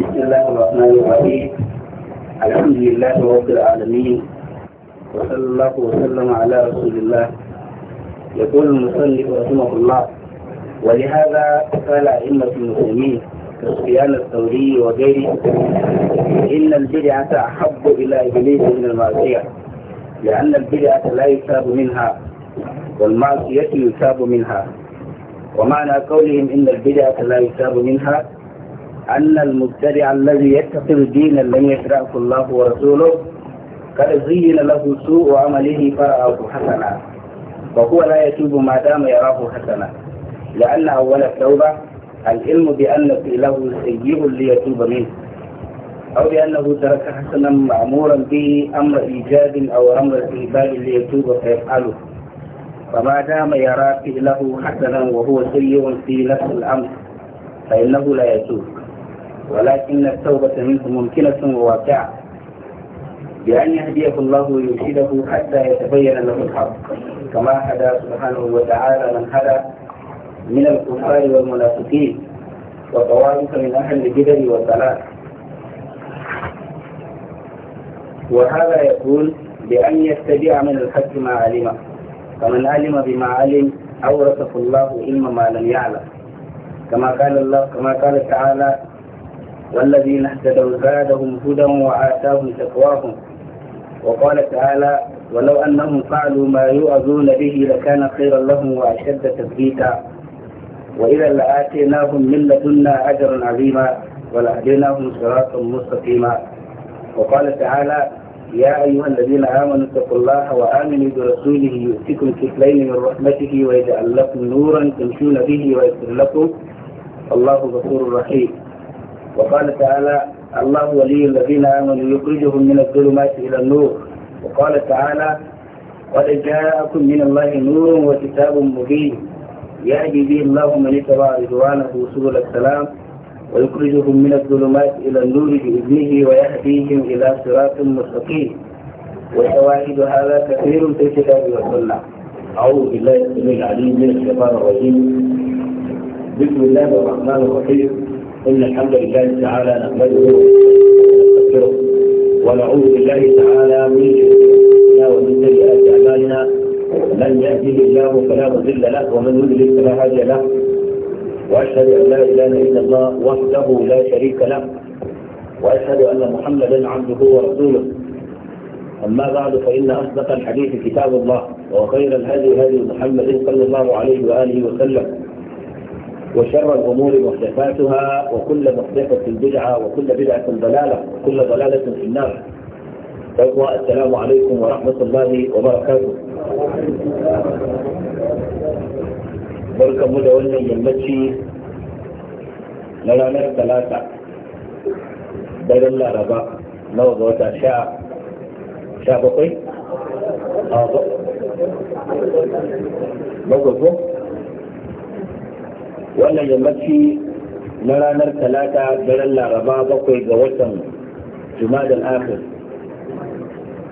بسم الله الرحمن الرحيم الحمد لله رب العالمين وصلى الله وسلم على رسول الله يقول المصلي رحمه الله ولهذا قال أئمة المسلمين كسفيان الثوري وغيره إن البدعة أحب إلى إبليس من المعصية لأن البدعة لا يثاب منها والمعصية يثاب منها ومعنى قولهم إن البدعة لا يثاب منها أن المبتدع الذي يتخذ دينا لم يشرعه الله ورسوله قد زين له سوء عمله فرآه حسنا وهو لا يتوب ما دام يراه حسنا لأن أول التوبة العلم بأن له سيء ليتوب منه أو لأنه ترك حسنا مأمورا به أمر إيجاد أو أمر استهبال ليتوب فيفعله فما دام يرى فعله حسنا وهو سيء في نفس الأمر فإنه لا يتوب ولكن التوبة منه ممكنة وواقعة بأن يهديه الله ويرشده حتى يتبين له الحق كما هدى سبحانه وتعالى من هدى من الكفار والمنافقين وطوائف من أهل الجدل والضلال وهذا يقول بأن يتبع من الحق ما علمه فمن علم بما علم أورثه الله علم ما لم يعلم كما قال الله كما قال تعالى والذين اهتدوا زادهم هدى وآتاهم تقواهم وقال تعالى ولو أنهم فعلوا ما يؤذون به لكان خيرا لهم وأشد تثبيتا وإذا لآتيناهم من لدنا أجرا عظيما ولهديناهم صراطا مستقيما وقال تعالى يا أيها الذين آمنوا اتقوا الله وآمنوا برسوله يؤتكم كفلين من رحمته ويجعل لكم نورا تمشون به ويغفر لكم الله غفور رحيم وقال تعالى الله ولي الذين آمنوا يخرجهم من الظلمات إلى النور وقال تعالى قد جاءكم من الله نور وكتاب مبين يهدي به الله من اتبع رضوانه سبل السلام ويخرجهم من الظلمات إلى النور بإذنه ويهديهم إلى صراط مستقيم وشواهد هذا كثير في الكتاب والسنة أعوذ بالله السميع العليم من الشيطان الرجيم بسم الله الرحمن الرحيم إن الحمد لله تعالى نحمده ونستغفره ونعوذ بالله تعالى من شركنا ومن سيئات أعمالنا من يهديه الله فلا مضل له ومن يضلل فلا هادي له وأشهد أن لا إله إلا الله وحده لا شريك له وأشهد أن محمدا عبده ورسوله أما بعد فإن أصدق الحديث كتاب الله وخير الهدي هدي محمد صلى الله عليه وآله وسلم وشر الأمور محدثاتها وكل محدثة بدعة وكل بدعة ضلالة وكل ضلالة في النار السلام عليكم ورحمة الله وبركاته barkanmu da wannan yammaci na ثلاثة بين daren laraba na ga wata sha bakwai a wannan yammaci na ranar talata daren laraba bakwai ga watan jumadan al'akhir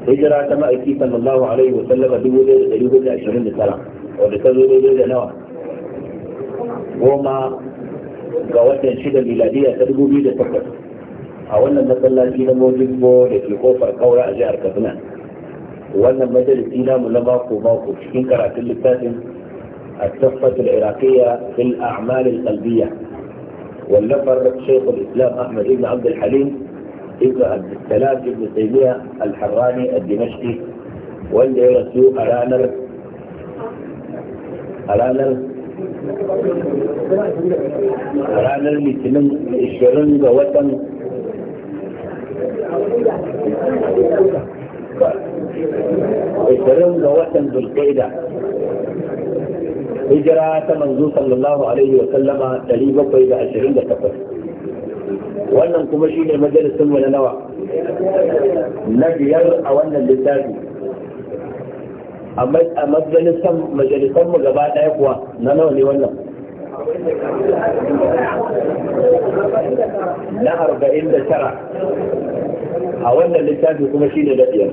hijira ta ma'aiki sallallahu alaihi wa sallama dubu da ɗari hudu ashirin da tara wadda ta zo daidai da nawa goma ga watan shida miladiya ta dubu biyu da takwas a wannan masallaci na mojibbo da ke kofar kaura a jihar kaduna wannan majalisi namu na mako mako cikin karatun littafin التصفة العراقية في الأعمال القلبية واللفر شيخ الإسلام أحمد بن عبد الحليم ابن عبد السلام بن تيمية الحراني الدمشقي واللي رسو أرانر أرانر أرانر لسمن الشرنج وطن الشرنج وطن بالقيدة hijira ta manzo sallallahu alaihi wa sallama 728 wannan kuma shine majalisin mu na nawa na biyar a wannan littafi a majalisan majalisan mu gaba daya kuwa na nawa ne wannan na arba'in da tara a wannan littafi kuma shine na biyar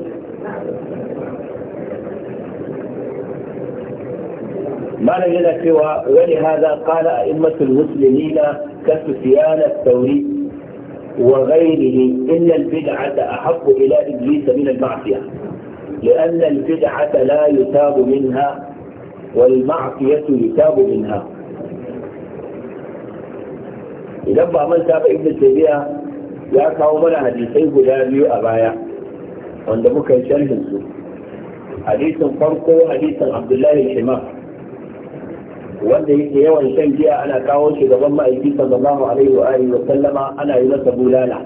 ما لم يلأ سوى ولهذا قال أئمة المسلمين كسفيان الثوري وغيره إن البدعة أحق إلى إبليس من المعصية لأن البدعة لا يتاب منها والمعصية يتاب منها إذا من تاب ابن سبيع يا قومنا حديثين بلابي أبايا عند بكر شرهن سوء حديث فرقه حديث عبد الله الشمال wanda yake yawan shan giya ana kawo shi gaban ma'aiki sallallahu alaihi wa alihi wa sallama ana yi masa bulala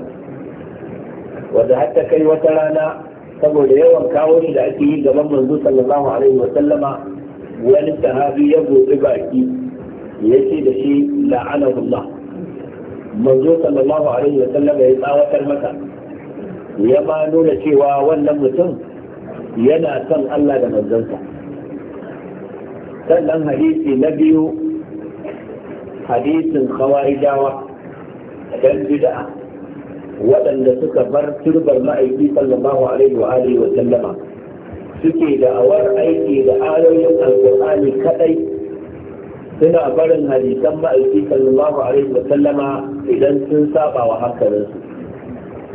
wanda har ta kai wata rana saboda yawan kawo shi da ake yi gaban manzo sallallahu alaihi wa sallama wani sahabi ya gobe baki ya ce da shi la'anahullah manzo sallallahu alaihi wa sallama ya tsawatar masa ya ma nuna cewa wannan mutum yana son Allah da manzansa sannan hadisi na biyu hadisin khawarijawa don bid'a waɗanda suka bar turbar ma'aiki sallallahu alaihi wa alihi wa sallama suke da awar aiki da ayoyin alƙur'ani kadai suna barin hadisan ma'aiki sallallahu alaihi wa sallama idan sun saba wa hankalinsu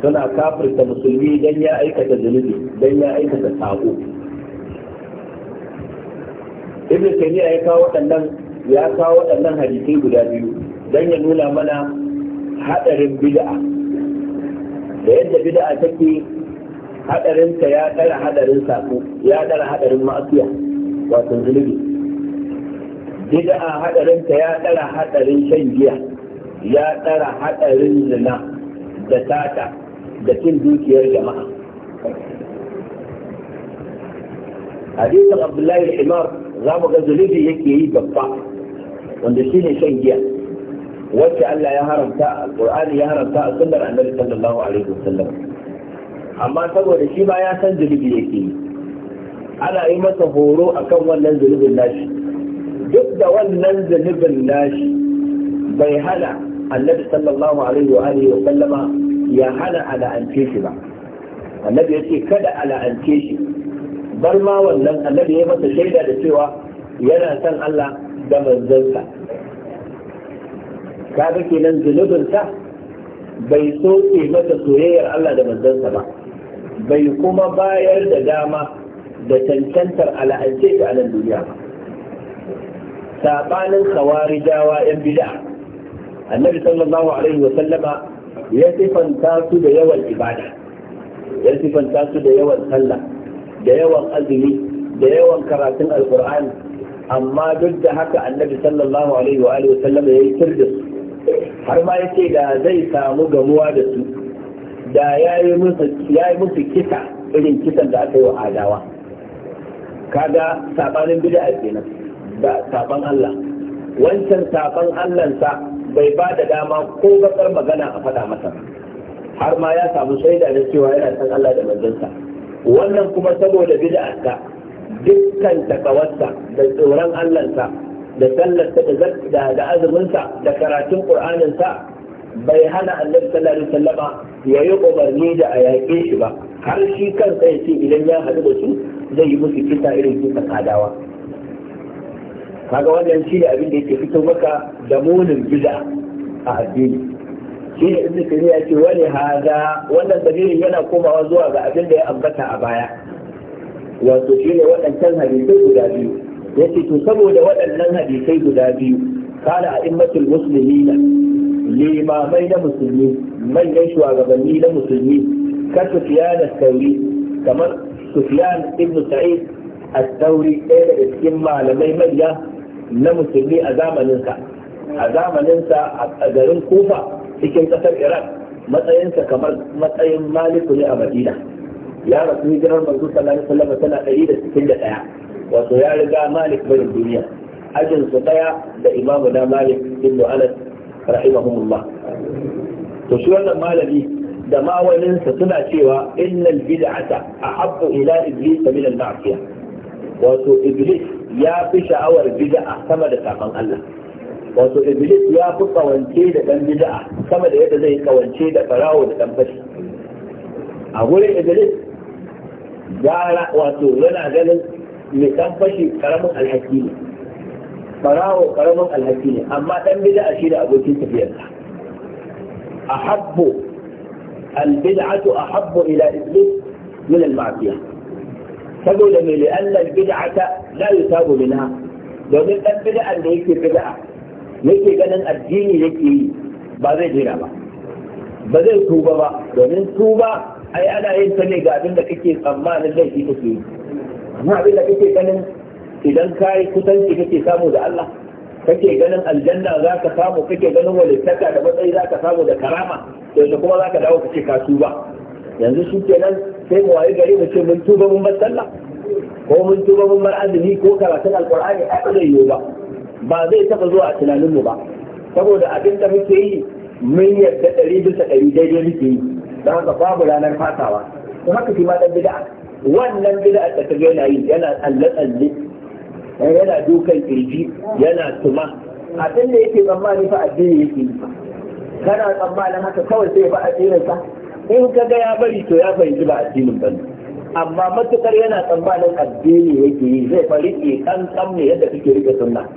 suna kafirta musulmi don ya aikata zunubi don ya aikata sako ibn taymiya ya kawo waɗannan ya kawo waɗannan hadisi guda biyu dan ya nuna mana hadarin bid'a da yadda bid'a take hadarin ta ya dara hadarin sako ya dara hadarin ma'asiya wato zunubi bid'a hadarin ta ya dara hadarin shan giya ya dara hadarin zina da tata da cin dukiyar jama'a hadisin abdullahi al-himar za mu ga zunubi yake yi babba wanda shi ne shan giya wacce Allah ya haramta alƙur'ani ya haramta a sunnar annabi sallallahu alaihi wasallam amma saboda shi ba ya san zunubi yake yi ana yi masa horo akan wannan zunubin nashi duk da wannan zunubin nashi bai hana annabi sallallahu alaihi wa alihi ya hana ala'ance shi ba annabi ya ce kada ala'ance shi bar ma wannan annabi ya masa shaida da cewa yana san Allah da manzansa ga kenan zunubinsa bai soke masa soyayyar Allah da manzansa ba bai kuma bayar da dama da cancantar ala'ance ta nan duniya ba sabanin khawarijawa yan bid'a annabi sallallahu alaihi wa sallama ya sifanta su da yawan ibada ya sifanta su da yawan sallah da yawan azumi da yawan karatun alkur'ani amma duk da haka annabi sallallahu alaihi wa alihi sallam ya yi da su har ma yace da zai samu gamuwa da su da ya yi musu kisa irin kisan da aka yi wa adawa kaga sabanin bid'a kenan da saban Allah wancan saban sa bai ba da dama ko bakar magana a faɗa masa har ma ya samu shaida da cewa yana san Allah da manzansa wannan kuma saboda bid'arsa dukkan takawarsa da tsoron allansa da sallarsa da da azuminsa da karatun ƙur'aninsa bai hana annabi sallallahu alaihi wasallama ya yi umarni da a yaƙe shi ba har shi kansa ya ce idan ya haɗu da su zai yi musu kisa irin kisa kadawa kaga wannan shi ne abin da yake fito maka da munin bid'a a addini shi ne ibn taymiya ce wani haza wannan dalilin yana komawa zuwa ga abin da ya ambata a baya wato shi ne waɗancan hadisai guda biyu yace to saboda waɗannan hadisai guda biyu kana a immatul na. limamai na musulmi manyan shugabanni na musulmi ka sufiyan al sauri, kamar sufiyan ibn sa'id al sauri, ɗaya daga cikin malamai manya na musulmi a zamaninsa a zamaninsa a garin kufa cikin ƙasar Iran matsayinsa kamar matsayin Maliku ne a Madina ya rasu hijirar manzo sallallahu alaihi wasallam tana 161 wato ya riga Malik barin duniya ajin su daya da imamu na Malik ibn Anas rahimahumullah to shi wannan malami da mawalinsa suna cewa innal bid'ata ahabbu ila iblis min al-ma'siyah wato iblis ya fi sha'awar bid'a sama da kafan Allah wato iblis ya fi kawance da dan bid'a sama da yadda zai kawance da farawo da dan fashi a gurin iblis gara wato yana ganin mai dan fashi karamin alhaki ne farawo karamin alhaki ne amma dan bid'a shi da abokin tafiyarsa ahabbu albid'atu a ahabbu ila iblis min almafiya saboda mai li'anna al-bid'ata la yusabu minha domin dan bid'an da yake bid'a yake ganin addini yake yi ba zai jira ba ba zai tuba ba domin tuba ai ana yin ta ne ga abin da kake tsammanin laifi kake yi amma abin da kake ganin idan ka yi kusanci kake samu da Allah kake ganin aljanna za ka samu kake ganin walittaka da matsayi za ka samu da karama yanzu kuma za ka dawo ce ka tuba yanzu shi kenan sai mu wayi gari mu ce mun tuba mun bar sallah ko mun tuba mun bar azumi ko karatun alqur'ani a ba zai yiwu ba ba zai taba zuwa a tunaninmu ba saboda abin da muke yi mun yarda ɗari bisa ɗari daidai muke yi don haka babu ranar fatawa. to haka shi ma ɗan bida'a wannan bida'a da ta yana yi yana tsalle-tsalle eh, yana dukan kirji yana tuma abin da yake tsammani fa addini yake yi kana tsammanin haka kawai sai ba addinin sa in ka ga ya bari to ya fahimci ba addinin ba amma matukar yana tsammanin addini yake yi zai fa riƙe kan ne yadda kake rike sunna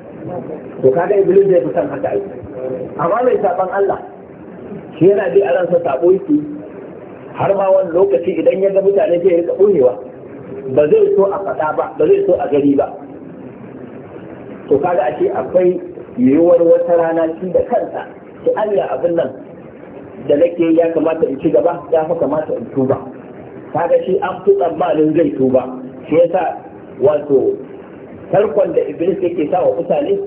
to kaga iblis zai fi san haka aiki amma mai saban Allah shi yana bi a ransa sabo yake har ma wani lokaci idan ya ga mutane sai ya rika ɓoyewa ba zai so a faɗa ba ba zai so a gari ba to kaga a ce akwai yiwuwar wata rana shi da kansa ki Allah abin nan da nake ya kamata in ci gaba ya fa kamata in tuba kaga shi an fi tsammanin zai tuba shi yasa wato tarkon da iblis yake sa wa mutane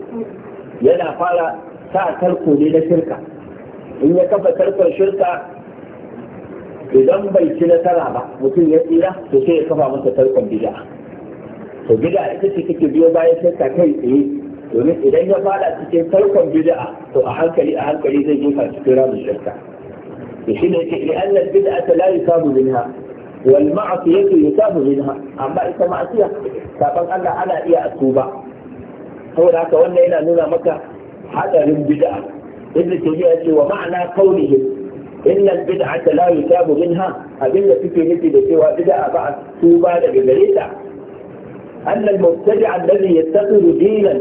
yana fara sa tarko ne na shirka in ya kafa tarkon shirka idan bai ci nasara ba mutum ya tsira to sai ya kafa masa tarkon bid'a to bid'a ita ce take biyo bayan shirka kai tsaye domin idan ya fada cikin tarkon bid'a to a hankali a hankali zai jefa cikin ramin shirka to shine yake li'anna bid'a la yusabu minha والمعصية يتاب منها أما إذا معصية فقال الله أنا إيا أتوبة هو لا تولى إلى نونا مكة حتى من بدعة إذن تيمية ومعنى قوله إن البدعة لا يتاب منها أدلة في نتيجة بسوى بدعة بعد توبة لبريدة أن المبتدع الذي يتخذ دينا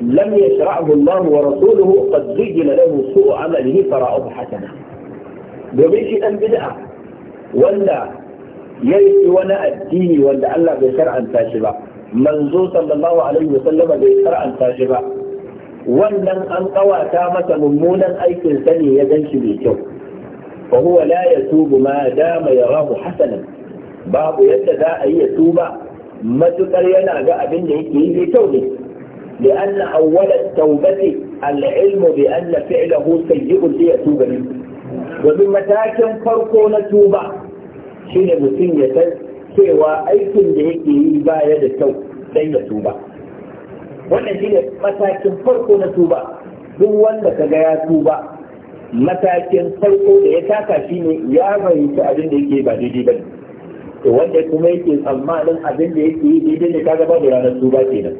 لم يشرعه الله ورسوله قد زين له سوء عمله فرأوه حسنا بمشي أن بدأ wanda ya yi wani addini wanda Allah bai shar'anta shi ba manzo sallallahu alaihi wa sallama bai shar'anta shi ba wannan an kawata masa mummunan aikin sa ne ya ganshi mai kyau fa huwa la yatubu ma dama yarahu hasanan babu yadda za a yi ya tuba matukar yana ga abin da yake yi mai kyau ne لأن أول التوبة العلم بأن فعله سيء ليتوب منه ومن متاكن فرقون توبة Shi shine mutum ya san cewa aikin da yake yi baya da kyau dan ya tuba wannan shine matakin farko na tuba duk wanda ka kaga ya tuba matakin farko da ya taka ne ya fahimci abin da yake ba daidai ba to wanda kuma yake tsammanin abin da yake yi daidai ne kaga ba da ranar tuba kenan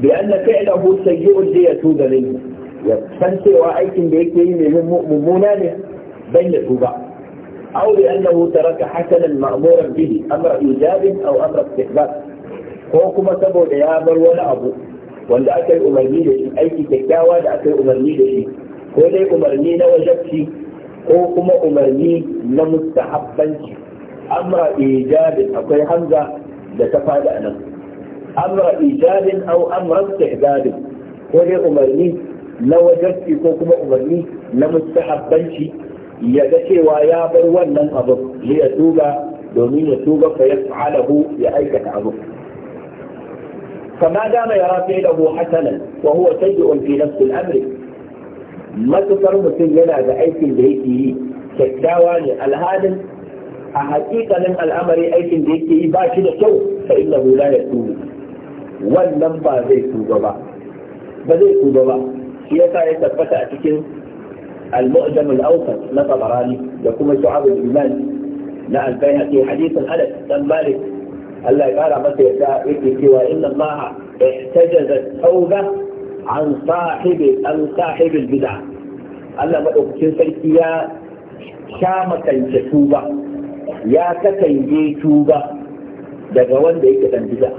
bi anna fi'luhu sayyi'un da ya tuba ne ya san cewa aikin da yake yi ne mummuna ne dan ya tuba أو لأنه ترك حسنا مأمورا به أمر إيجاب أو أمر استحباب ko kuma saboda ya bar wani abu wanda aka yi umarni da shi aiki kyakkyawa da aka yi umarni da shi ko dai umarni na wajabci ko kuma umarni na mustahabbanci amra ijabin akwai hamza da ta fada nan amra ijabin au amra istihbabin ko dai umarni na wajabci ko kuma umarni na ya ga cewa ya bar wannan abu ya tuba domin ya tuba fa yaf'alahu ya aikata abu فما دام يرى فعله حسنا وهو سيء في نفس الامر ما تصر mutum yana da aikin da yake yi kyakkyawa ne alhalin a hakikanin al'amari aikin da yake yi ba shi da kyau fa inna la yatubu wannan ba zai tuba ba ba zai tuba ba shi yasa ya tabbata a cikin المؤجم الأوسط لا تبراني يكون شعب الإيمان نعم فإن في حديث الحدث كان مالك الله قال ما سيساعدك سوى إن الله احتجز التوبة عن صاحب عن صاحب البدع أنا ما أبتن سيكيا شامة تتوبة يا كتنجي توبة daga wanda yake dan bid'a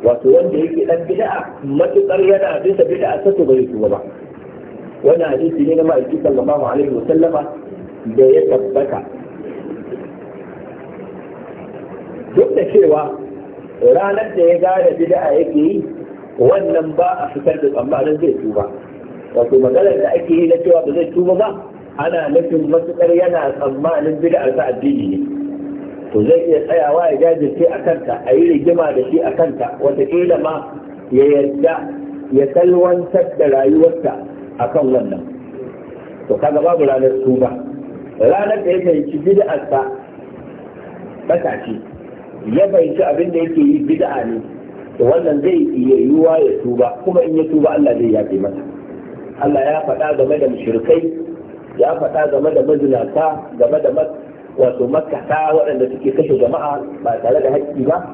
wato wanda yake dan bid'a matukar yana bisa bid'a ta to wannan hadisi ne na ma'aiki sallallahu alaihi wasallama da ya tabbata duk da cewa ranar da ya gane bid'a yake yi wannan ba a fitar da tsammanin zai tuba wato maganar da ake yi na cewa ba zai tuba ba ana nufin matukar yana tsammanin bid'a ta addini ne to zai iya tsayawa ya jajirce a kanta a yi rigima da shi a kanta wataƙila ma ya yarda ya salwantar da rayuwarta akan wannan to kaga babu ranar tuba ranar da ya fahimci bid'ar sa ce ya fahimci abin da yake yi bid'a ne to wannan zai iya yiwuwa ya tuba kuma in ya tuba Allah zai yafe masa Allah ya faɗa game da mushrikai ya faɗa game da mazinata game da wato makata waɗanda suke kashe jama'a ba tare da haƙƙi ba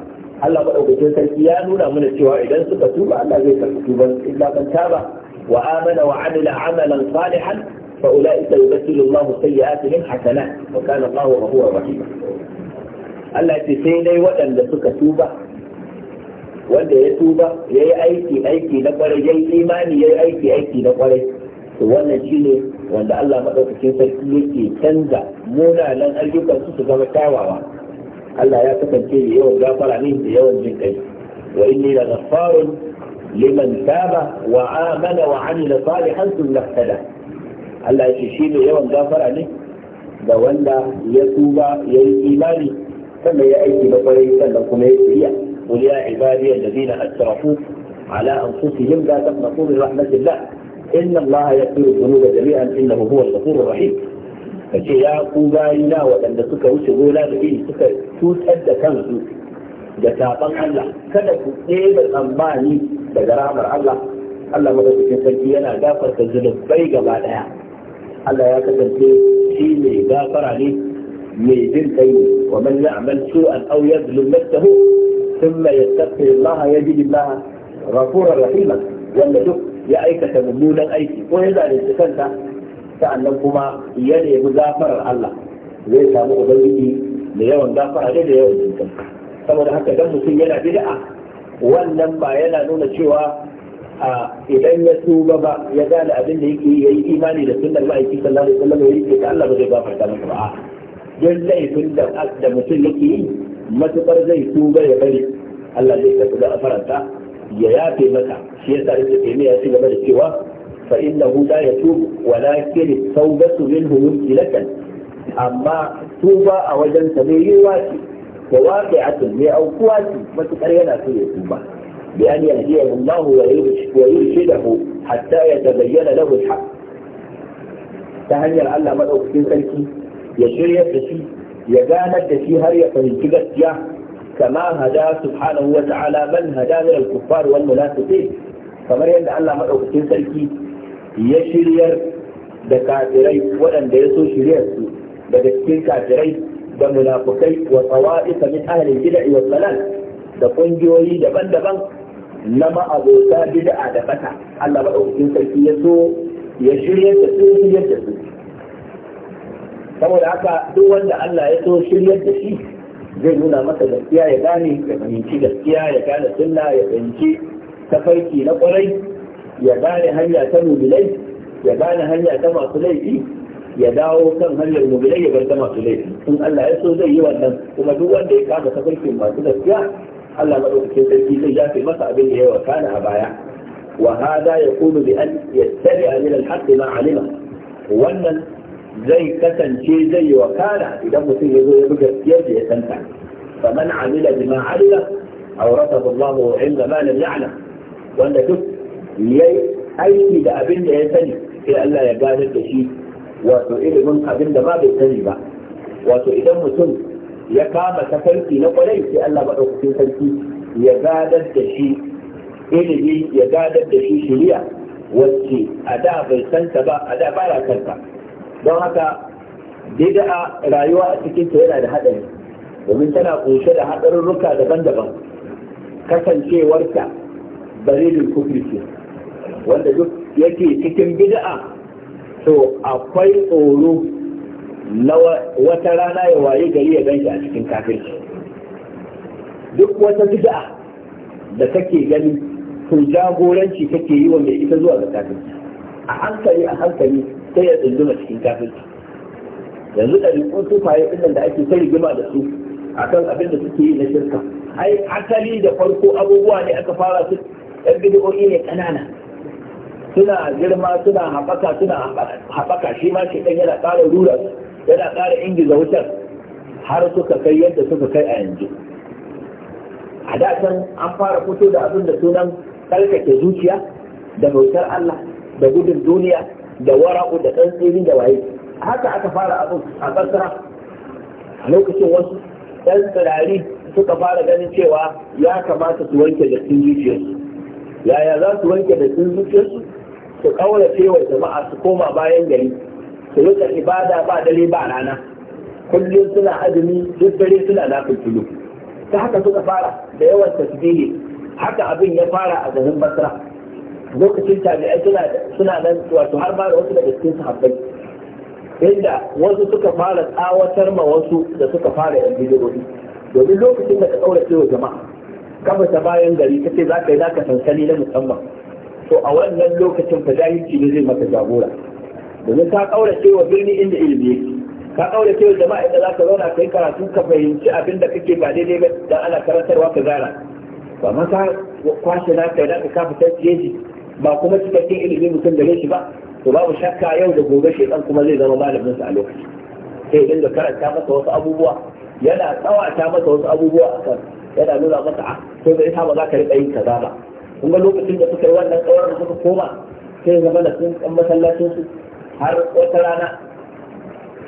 Allah maɗaukacin sarki ya nuna mana cewa idan suka tuba Allah zai karɓi tuban illa ban taba وآمن وعمل عملا صالحا فأولئك يبدل الله سيئاتهم حسنات وكان الله غفورا رحيما Allah ce sai dai waɗanda suka tuba wanda ya tuba ya yi aiki aiki na kwarai ya yi imani ya yi aiki aiki na kwarai to wannan shi ne wanda Allah maɗaukakin sarki yake canza munanan ayyukan su su zama kyawawa Allah ya kasance da yawan gafara ne da yawan jin kai wa inni la ghaffarun لمن تاب وعامل وعمل صالحا ثم اهتدى الله يشيل يوم جافر عليه ده ولا يتوب يا ايماني ثم يا ايتي بقري ثم هي قل يا عبادي الذين اسرفوا على انفسهم لا تقنطوا من رحمه الله ان الله يغفر الذنوب جميعا انه هو الغفور الرحيم فشي يا قبائلنا وعند سكا وش غولا بكي سكا توت أدى كان سوك جتابا الله كدك إيه بالأمباني daga rahamar Allah Allah madaukakin sarki yana gafarta zunubai gaba daya Allah ya kasance shi ne gafara ne mai bin kai ne wa man ya'mal su'an aw yadhlum nafsahu thumma yastaghfir Allah yajid Allah rahima wanda duk ya aikata mummunan aiki ko ya zalunci kanta sa'annan kuma ya nemi gafarar Allah zai samu ubangiji da yawan gafara da yawan jinkai saboda haka dan mutum yana bid'a wannan ba yana nuna cewa a idan ya tuba ba ya gane abin da yake yayi imani da sunnar ma'aiki sallallahu alaihi wasallam yayi ke Allah ba zai gafarta masa ba don laifin da da mutum yake yi matukar zai tuba ya bari Allah zai ka da afaranta ya yafe masa shi yasa Ibn Taymiyyah ya ci gaba da cewa fa innahu ya yatubu walakin tawbatu minhu mumkinatan amma tuba a wajen sa ne yiwa ce da waqi'atun mai aukuwa ce matukar yana so ya tuba bi an yahdiyahu Allah wa yurshidahu hatta ta lahu al-haq ta hanyar Allah madaukakin sarki ya shirya da shi ya ganar da shi har ya fahimci gaskiya kama hada subhanahu wa ta'ala man hada min al-kuffar wal munafiqin kamar yadda Allah madaukakin sarki ya shiryar da kafirai waɗanda ya so shiryar su daga cikin kafirai da munafukai wa tsawa'ifa min ahalin gida iya dalal da kungiyoyi daban-daban na ma'abota bida'a da bata Allah ɗauki sarki ya so ya shirya da su shirya da su saboda haka duk wanda Allah ya so shirya da shi zai nuna masa gaskiya ya gane ya fahimci gaskiya ya gane sunna ya fahimci tafarki na kwarai ya gane hanya ta mubilai ya gane hanya ta masu laifi ya dawo kan hanyar mu'minai ya bar ta masu in Allah ya so zai yi wannan kuma duk wanda ya kama tafarkin masu gaskiya Allah madaukakin sarki zai yafe masa abin da ya wakana a baya wa hada yakunu bi an yattabi'a min al-haqqi ma alima wannan zai kasance zai yi wakana idan mutum ya zo ya bi gaskiyar da ya santa fa man amila bima alima awrathahu Allah inda ma lam ya'lam wanda duk yayi aiki da abin da ya sani sai Allah ya gadar da shi wato ilimin abin da ba bai sani ba wato idan mutum ya kama tafarki na kwarai sai Allah maɗaukakin sarki ya gadar da shi ilimi ya gadar da shi shiriya wacce a da bai santa ba a da baya kanta don haka bid'a rayuwa a cikin ta yana da haɗari domin tana kunshe da haɗarurruka daban-daban kasancewarta dalilin kufri ce wanda duk yake cikin bid'a to akwai tsoro na wata rana ya waye gari ya ganshi a cikin kafirci duk wata bid'a da kake gani to jagoranci kake yi wa mai ita zuwa ga kafirci a hankali a hankali sai ya tsunduma cikin kafirci yanzu da rikon tufaye ɗin da ake ta rigima da su akan abin da suke yi na shirka ai asali da farko abubuwa ne aka fara su ɗan bidi'o'i ne ƙanana suna girma suna haɓaka suna haɓaka shi ma shi ɗan yana ƙara rura yana ƙara ingiza wutar har suka kai yadda suka kai a yanzu a da can an fara fito da abin da sunan tsarkake zuciya da bautar Allah da gudun duniya da wara'u da ɗan tsirin da waye haka aka fara abin a ƙasara a lokacin wasu ɗan tsirari suka fara ganin cewa ya kamata su wanke dattin zuciyarsu yaya za su wanke dattin zuciyarsu su kaurace wa jama'a su koma bayan gari su rika ibada ba dare ba rana kullum suna azumi duk dare suna nafin tulu ta haka suka fara da yawan tasbihi haka abin ya fara a garin basra lokacin jami'ai suna suna nan wato har ma da wasu daga cikin sahabbai inda wasu suka fara tsawatar ma wasu da suka fara yan bidiyoyi domin lokacin da ka ɗaura wa jama'a kafa ta bayan gari kace za ka yi za ka sansani na musamman to a wannan lokacin fa jahilci ne zai maka jagora domin ka kaurace wa birni inda ilimi yake ka kaurace wa jama'a inda zaka zauna yi karatu ka fahimci abin da kake ba daidai ba da ana karantarwa ka gara ba ma ka kwashe na kai da ka ta jeji ba kuma cikakken ilimi mutum gare shi ba to babu shakka yau da gobe shedan kuma zai zama malamin sa a lokaci sai idan da karanta masa wasu abubuwa yana tsawata masa wasu abubuwa akan yana nuna masa a Ko zai ita ba za ka riƙa yin kaza ba kun ga lokacin da suka yi wannan kawar da suka koma sai ya zama da sun kan masallacin su har wata rana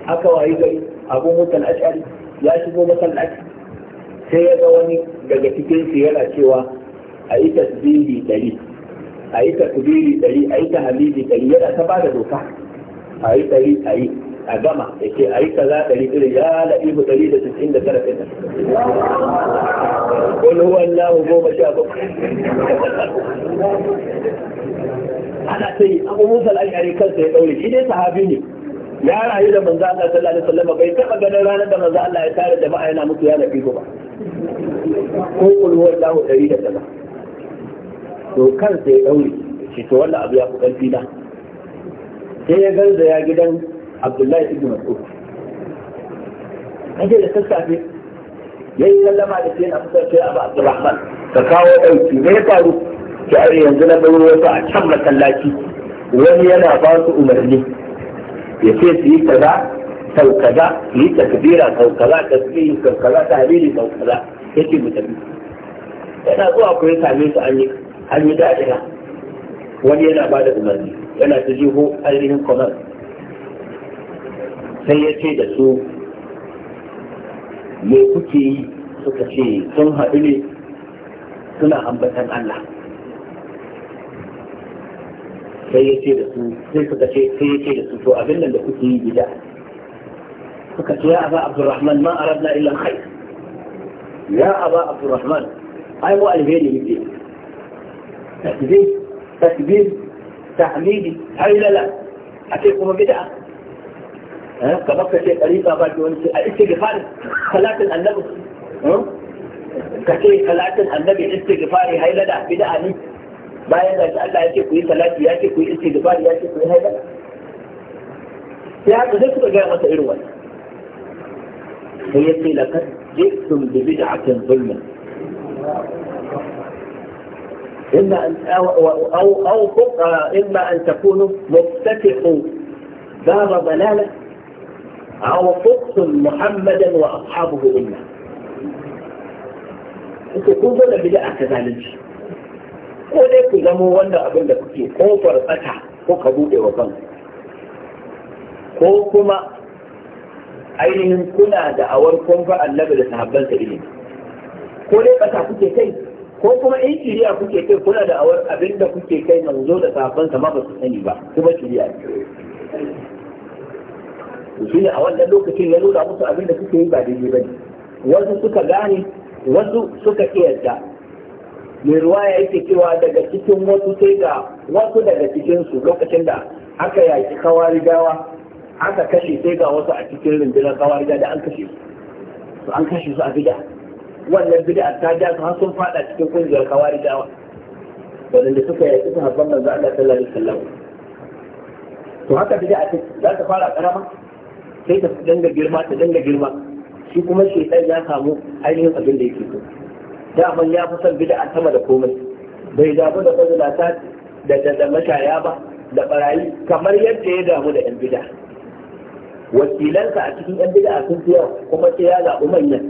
aka wayi gari abu mutan ashari ya shigo masallaci sai ya ga wani daga cikin su yana cewa a yi tasbihi dari a yi tasbihi dari a yi tahmidi dari yana ta bada doka a yi dari a yi a gama da ke a yi kaza ɗari ɗari ya laɗi mu ɗari da sittin da tara ɗin wani wani lahu goma sha bakwai ana ta yi abu musa al'ashari kansa ya ɗaure shi dai sahabi ne ya rayu da manzo Allah sallallahu alaihi wasallam bai taɓa ganin ranar da manzo Allah ya tare jama'a yana mutu ya laɗi ba ko wani lahu ɗari da tara to kansa ya ɗaure shi to wannan abu ya fi ƙarfi na sai ya garza ya gidan abdullahi ibn mas'ud kaje da sassafe yayi sallama da sai na fitar sai abu abdurrahman ka kawo dauki me ya faru ki ai yanzu na dauro wasu a can masallaci wani yana ba su umarni ya ce su yi kaza sau kaza su yi takbira sau kaza tasbihi sau kaza tahlili sau kaza yake mu tafi yana zuwa ku ya same su an yi an yi da'ira wani yana ba da umarni yana ta jiho ainihin commerce sai ya ce da su me kuke yi suka ce sun haɗu ne suna ambatan Allah sai ya ce da su sai suka ce sai ya ce da su to abin nan da kuke yi gida suka ce ya aba abdurrahman ma aradna illa khair ya aba abdurrahman ai mu alheri muke takbir takbir tahmidi ai lala a ce kuma bid'a kamar ka ce ɗariƙa ba ki wani ce a istighfar salatin annabi ka ce salatin annabi istighfari hailada bid'a ne bayan da Allah ya ce ku yi salati ya ce ku yi istighfari ya ce ku yi hailada sai haka sai suka gaya masa irin wani sai ya ce lakar jiktum bi bid'atin zulmin إما أن أو أو أو إما أن تكونوا مفتتحوا باب ضلالة عوفقت محمدا واصحابه الا kuka kun zo da bid'a ta zalunci ko dai ku zamo wannan abin da kuke kofar tsaka ko ka bude wa kanku ko kuma ainihin kuna da awar kunfa annabi da sahabbansa ilimi ko dai ƙasa kuke kai ko kuma in shiriya kuke kai kuna da awar abin da kuke kai na zo da sahabbansa ma ba su sani ba kuma shiriya shi ne a wannan lokacin ya nuna musu abin da suke yi ba daidai ba ne wasu suka gane wasu suka kiyarta mai ya yake cewa daga cikin wasu sai ga wasu daga cikinsu lokacin da aka yaki kawarigawa aka kashe sai ga wasu a cikin rundunar kawariga da an kashe su an kashe su a bida wannan bida ta ja su har sun fada cikin kungiyar kawarigawa waɗanda suka yaki su habban manzo Allah sallallahu alaihi wasallam to haka bida a za ta fara karama sai ta danga girma ta danga girma shi kuma shaitan ya samu ainihin abin da yake so daman ya fi son bid'a sama da komai bai damu da mazalata da da mashaya ba da barayi kamar yadda ya damu da yan bid'a wakilansa a cikin yan bid'a sun fi kuma sai ya zaɓi manyan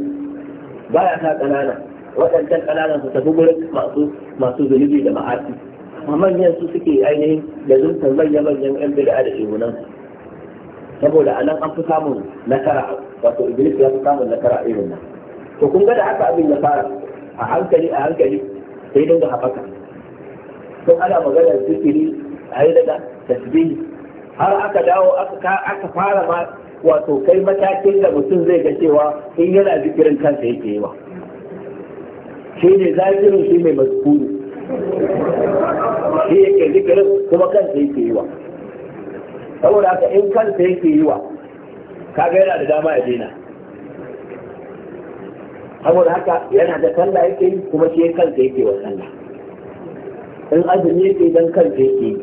baya sa ƙanana waɗancan ƙananan su tafi gurin masu masu zunubi da ma'asi amma manyan su suke ainihin da zuntar manya-manyan yan bid'a da shehunan saboda anan an fi samun nasara wato iblis ya fi samun nasara irin nan to kun ga da haka abin ya fara a hankali a hankali sai dinga haɓaka to ana magana zikiri a yi daga tasbihi har aka dawo aka fara ma wato kai matakin da mutum zai ga cewa in yana zikirin kansa yake yi wa shi ne zakirin shi mai maskuru shi yake zikirin kuma kansa yake yi wa saboda haka in kansa yake yi wa kaga yana da dama ya daina saboda haka yana da sallah yake yi kuma shi kansa yake wa sallah in azumi yake dan kansa yake yi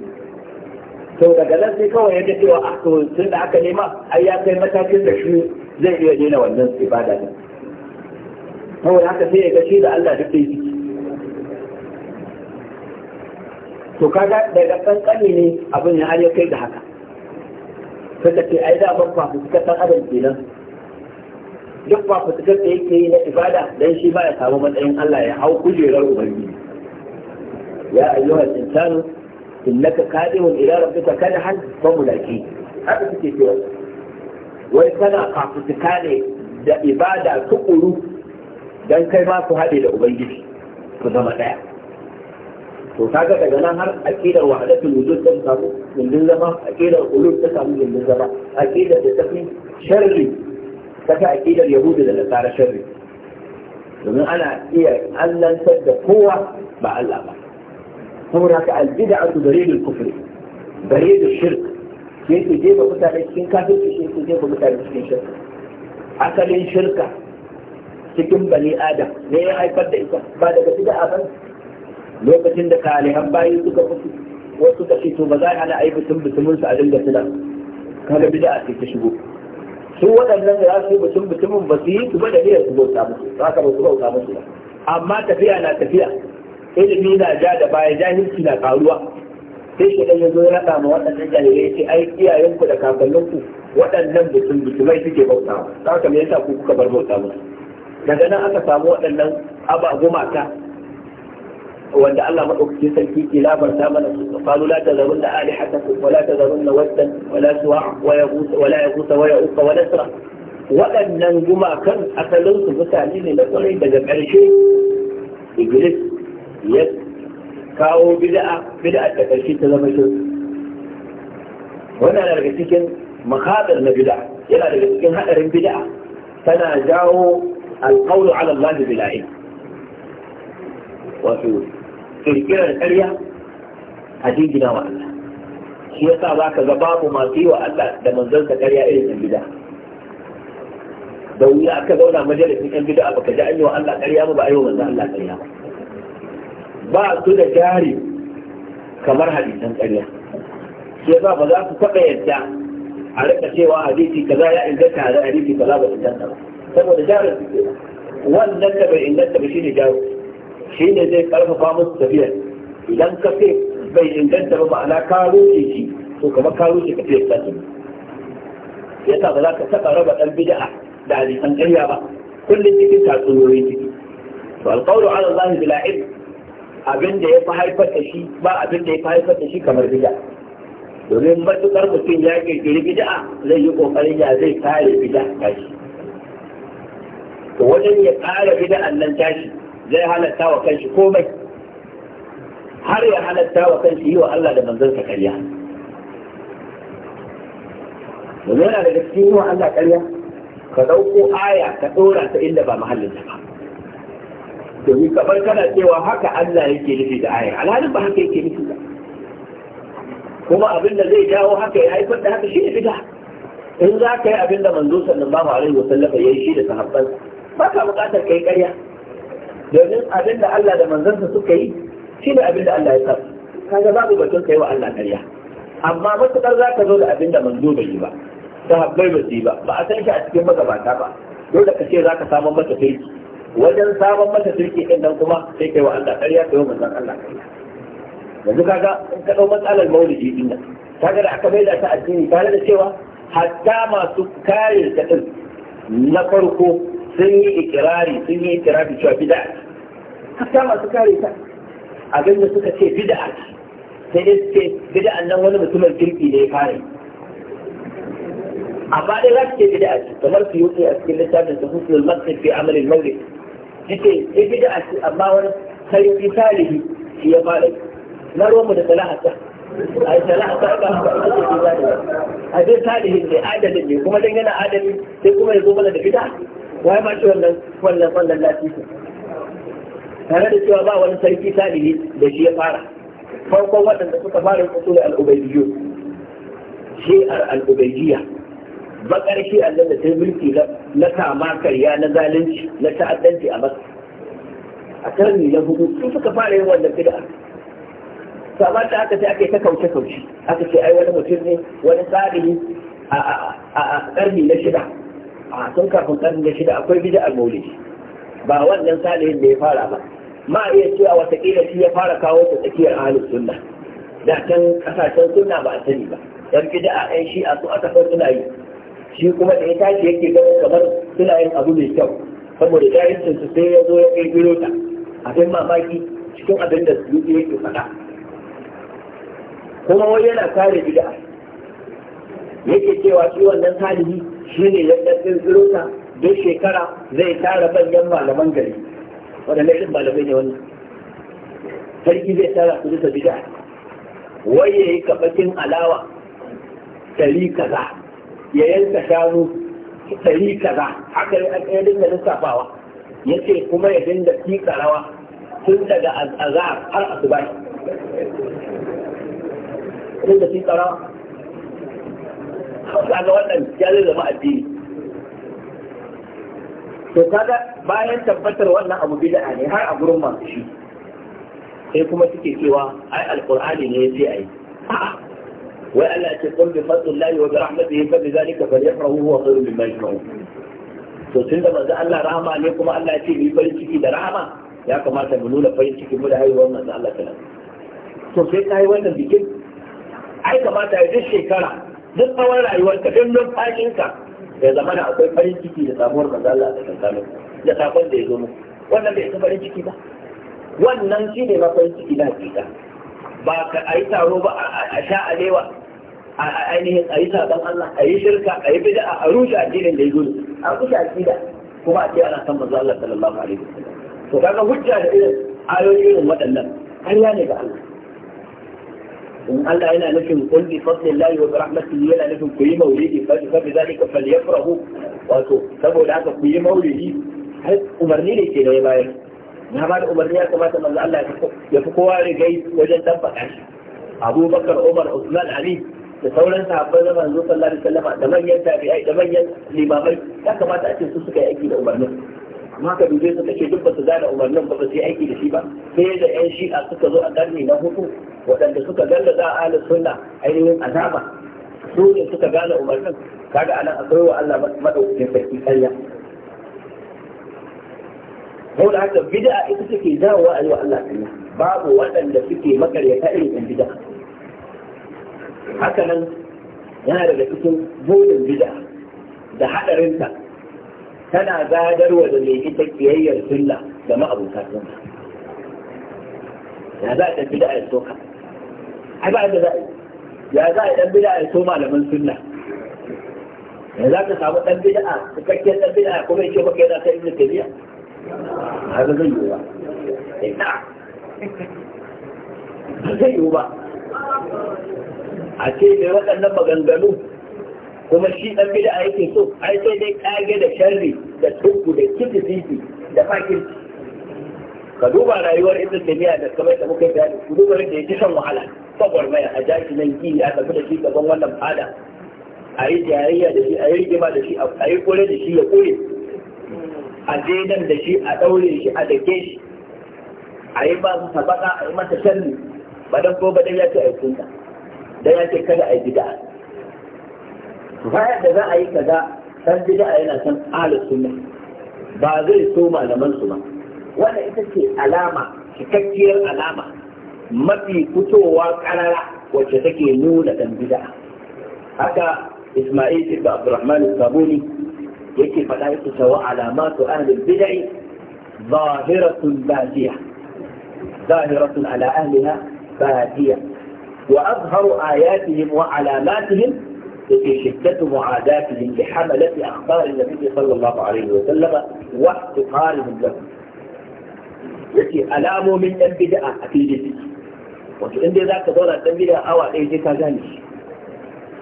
To daga nan sai kawai yadda cewa a ah, to tun da aka nema ai ya kai matakin da shi zai iya daina wannan ibada ne saboda haka sai ya ga shi da Allah duk da yake to kaga daga kankani ne abin ya har ya kai da haka suka ce ai da ban fafutukar ɗan adam kenan duk fafutukar da yake yi na ibada dan shi ba ya samu matsayin Allah ya hau kujerar ubangiji ya ayyuhal insanu innaka qadimun ila rabbika kadhan fa mulaki haka suke cewa wai kana fafutuka ne da ibada tukuru dan kai ma ku haɗe da ubangiji ku zama ɗaya to kaga daga nan har aqidar wahdatul wujud ta samu gindin zama aqidar Ulul ta samu gindin zama aqidar da tafi sharri ta ta aqidar yahudi da nasara sharri domin ana iya allantar da kowa ba Allah ba saboda haka albida'atu daridul kufri daridul shirk su jefa mutane cikin kafirci sai su jefa mutane cikin shirka asalin shirka cikin bani adam ne ya haifar da ita ba daga bid'a ba lokacin da kalihan bayi suka fito ko suka fito to ba za a hana aibu bitin bitumin su a dinga tuna kaga bid'a a ta shigo su waɗannan da za su yi bitumin ba su yi su ba da niyyar su bauta musu za ka ba su bauta musu ba amma tafiya na tafiya ilimi na ja da baya jahilci na karuwa sai shi dan yazo ya rada ma waɗannan jahilai ya ce ai iyayenku da kakanninku waɗannan bitum bitumai suke bautawa za ka me yasa ku kuka bar bauta musu daga nan aka samu waɗannan abagumata wanda Allah madaukakin sarki ke labarta mana su qalu la tazarun la alihatakum wa la na waddan wala la suwa wa yaghus wa la yaghus wa yauq wa nasra waɗannan gumakan asalin su mutane ne na kwarai daga ƙarshe iblis ya kawo bid'a bid'a da ƙarshe ta zama shirka wannan daga cikin makadar na bid'a yana daga cikin hadarin bid'a tana jawo alqawlu ala Allah bil wato kirkirar ƙarya a jingina wa Allah shi yasa za ka ga babu masu yi wa Allah da manzansa ƙarya irin yan bida da wuya aka zauna majalisin yan bida baka ji an yi wa Allah ƙarya ba ba a yi wa manzan Allah ƙarya ba ba su da jari kamar hadisan ƙarya shi sa ba za ku taɓa yadda a rika cewa hadisi kaza ya inganta hadisi za ba inganta ba saboda jarin su wannan da bai inganta ba shi ne jarin shi ne zai karfafa musu tafiya idan ka ce bai inganta ba ma'ana ka rushe shi to kamar ka rushe tafiyar ta ce yasa ba za ka taɓa raba ɗan bid'a da hadisan ƙarya ba kullum cikin tatsuniyoyi ciki to alƙawlu ala Allah bila ilm abin da ya fi haifar da shi ba abin da ya fi haifar da shi kamar bid'a domin matuƙar mutum ya kirkiri bid'a zai yi ƙoƙarin ya zai kare bid'a tashi to wajen ya kare bid'an nan tashi zai halatta wa kanshi komai har ya halatta wa kanshi yi wa Allah da manzansa karya. yanzu yana daga cikin yi wa Allah karya? ka ɗauko aya ka ɗora ta inda ba mahallin ta ba domin kamar kana cewa haka Allah yake nufi da aya alhalin ba haka yake nufi ba kuma abin da zai jawo haka ya haifar da haka shi ne bid'a in za ka yi abin da manzo sallallahu alaihi wa sallam ya yi shi da sahabbansa ba ka buƙatar kai ƙarya domin abin da Allah da manzansa suka yi shi ne abin da Allah ya sa kaga babu batun kai wa Allah karya amma matuƙar za ka zo da abin da manzo bai yi ba sahabbai ba yi ba ba a san shi a cikin magabata ba dole ka ce za ka samun mata sirki wajen samun mata sirki ɗin nan kuma sai kai wa Allah ƙarya yi wa manzan Allah ƙarya yanzu kaga in ka ɗau matsalar maulidi ɗin nan kaga da aka maida ta addini tare da cewa hatta masu kare ta ɗin na farko sun yi ikirari sun yi ikirari cewa bid'a hatta masu kare ta abin da suka ce bid'a sai dai suke bid'a nan wani mutumin kirki ne ya fare amma dai za su ce bid'a kamar su yi a cikin littafin su husnul masu fi amalin maulid yake sai eh, bid'a amma wani sarki salihi shi ya fare na roma da ta ai sana'a ta ba ba ita ce ba ne a dai talihin ne adalin ne kuma dan yana adalin sai kuma ya zo mana da fita? wai ma shi wannan wannan wannan lafiya tare da cewa ba wani sarki salihi da shi ya fara farkon waɗanda suka fara usul al-ubaydiyyu shi'ar al-ubaydiyya bakar shi Allah da ta mulki na kama karya na zalunci na ta'addanci a masa a karni na hudu sun suka fara yin wannan bid'a to amma da aka ce ake ta kauce kauce aka ce ai wani mutum ne wani tsari a karni na shida a sun kafin karni na shida akwai bija a maulidi ba wannan salihin da ya fara ba ma iya cewa watakila shi ya fara kawo ta tsakiyar ahlus sunna da can kasashen sunna ba a sani ba dan bid'a 'yan shi a su aka san suna yi shi kuma da ya tashi yake ganin kamar suna yin abu mai kyau saboda jahilcin su sai ya zo ya kai ta abin mamaki cikin abin da su yi yake faɗa kuma wai yana kare bid'a yake cewa shi wannan talibi shi ne ya ɗaɗɗin tsirusa duk shekara zai tara manyan malaman gari waɗanda irin malamai ne wannan sarki zai tara su bisa bid'a wai ya yi kafakin alawa ɗari kaza ya yanka shanu ɗari kaza haka ya dinga lissafawa ya ce kuma ya dinga tika rawa tun daga azar har asuba rinda fi tsara kaga wannan ya zai zama addini to kaga bayan tabbatar wannan abu bid'a ne har a gurin masu shi sai kuma suke cewa ai alqur'ani ne yace ai wai Allah ce kun bi fadlillahi wa bi rahmatihi fa bi zalika falyafrahu huwa khairun mimma yajma'un to tunda manzo Allah rahama ne kuma Allah ya ce bi farin ciki da rahama ya kamata mu nuna farin ciki mu da haihuwar manzo Allah sallallahu alaihi wasallam to sai kai wannan bikin ai kamata ya duk shekara duk tsawon rayuwarka duk numfashinka ya zama da akwai farin ciki da samuwar manzo Allah da kankanin da sakon da ya zo mu wannan bai isa farin ciki ba wannan shi ne farin ciki na hakika ba ka a yi taro ba a sha alewa a ainihin a yi sabon Allah a yi shirka a yi bid'a a rushe addinin da ya zo a kusa akida kuma a ce ana san manzo Allah sallallahu alaihi wasallam to kaga hujja da irin ayoyin irin waɗannan har ne ga Allah in Allah yana nufin qul bi fadlillahi wa bi rahmatihi yana nufin ku yi maulidi fa bi zalika falyafrahu wato saboda haka ku yi maulidi har umarni ne ke da bayar na ba da umarni ya kamata manzo Allah ya fi kowa rigai wajen tabbata shi Abu Bakar Umar Usman Ali da sauran sahabbai na manzo sallallahu alaihi wasallam da manyan tabi'ai da manyan limamai ya kamata a ce su suka yi aiki da umarnin amma ka dube su kace duk ba su gane umarnin ba su yi aiki da shi ba sai da yan shi'a suka zo a karni na hudu waɗanda suka gallaza ahlus sunna ainihin azaba su ne suka gane umarnin kaga anan akwai wa Allah madaukakin sarki kariya ko da haka bid'a ita take dawowa a yi wa Allah kariya babu waɗanda suke makaryata irin ɗan bid'a haka nan yana daga cikin burin bid'a da haɗarinta tana gadarwa da mai ita kiyayyar sunna da ma'abuta sunna ya za a ɗan bida a soka ai ba da za a ya za a ɗan bida a so malaman sunna ya za ka samu ɗan bida a cikakken ɗan bida a kuma ya ce maka yana ta ibn tabiya a ga zan yiwu ba zan yiwu ba a ce mai waɗannan maganganu kuma shi dan bid'a yake so ai sai dai kage da sharri da tukku da kititi da fakir ka duba rayuwar ibn taymiya da kamar da muka yi da ku duba da yake wahala sabar mai a jaki nan ki ya tafi da shi gaban wannan fada a yi jayayya da shi a yi rigima da shi a yi kore da shi ya kore a je nan da shi a daure shi a dake shi a yi ba su baka a yi masa sharri badan ko badan ya ce a yi kunta dan ya ce kada a yi bid'a bayan da za a yi kaza san bid'a yana san ahlus sunna ba zai so malaman su ba wannan ita ce alama cikakkiyar alama mafi fitowa karara wacce take nuna dan bid'a haka Ismail ibn Abdurrahman al-Sabuni yake faɗa yake cewa alamatu ahlul bid'i zahiratun badiya zahiratun ala ahliha badiya wa azharu ayatihim wa alamatihim في شدة معاداتهم لحملة أخبار النبي صلى الله عليه وسلم واحتقارهم له يتي ألام من البدعة في جدي وفي عند ذاك دولة تنبدا أوى إيه إيه. أي جيكا جاني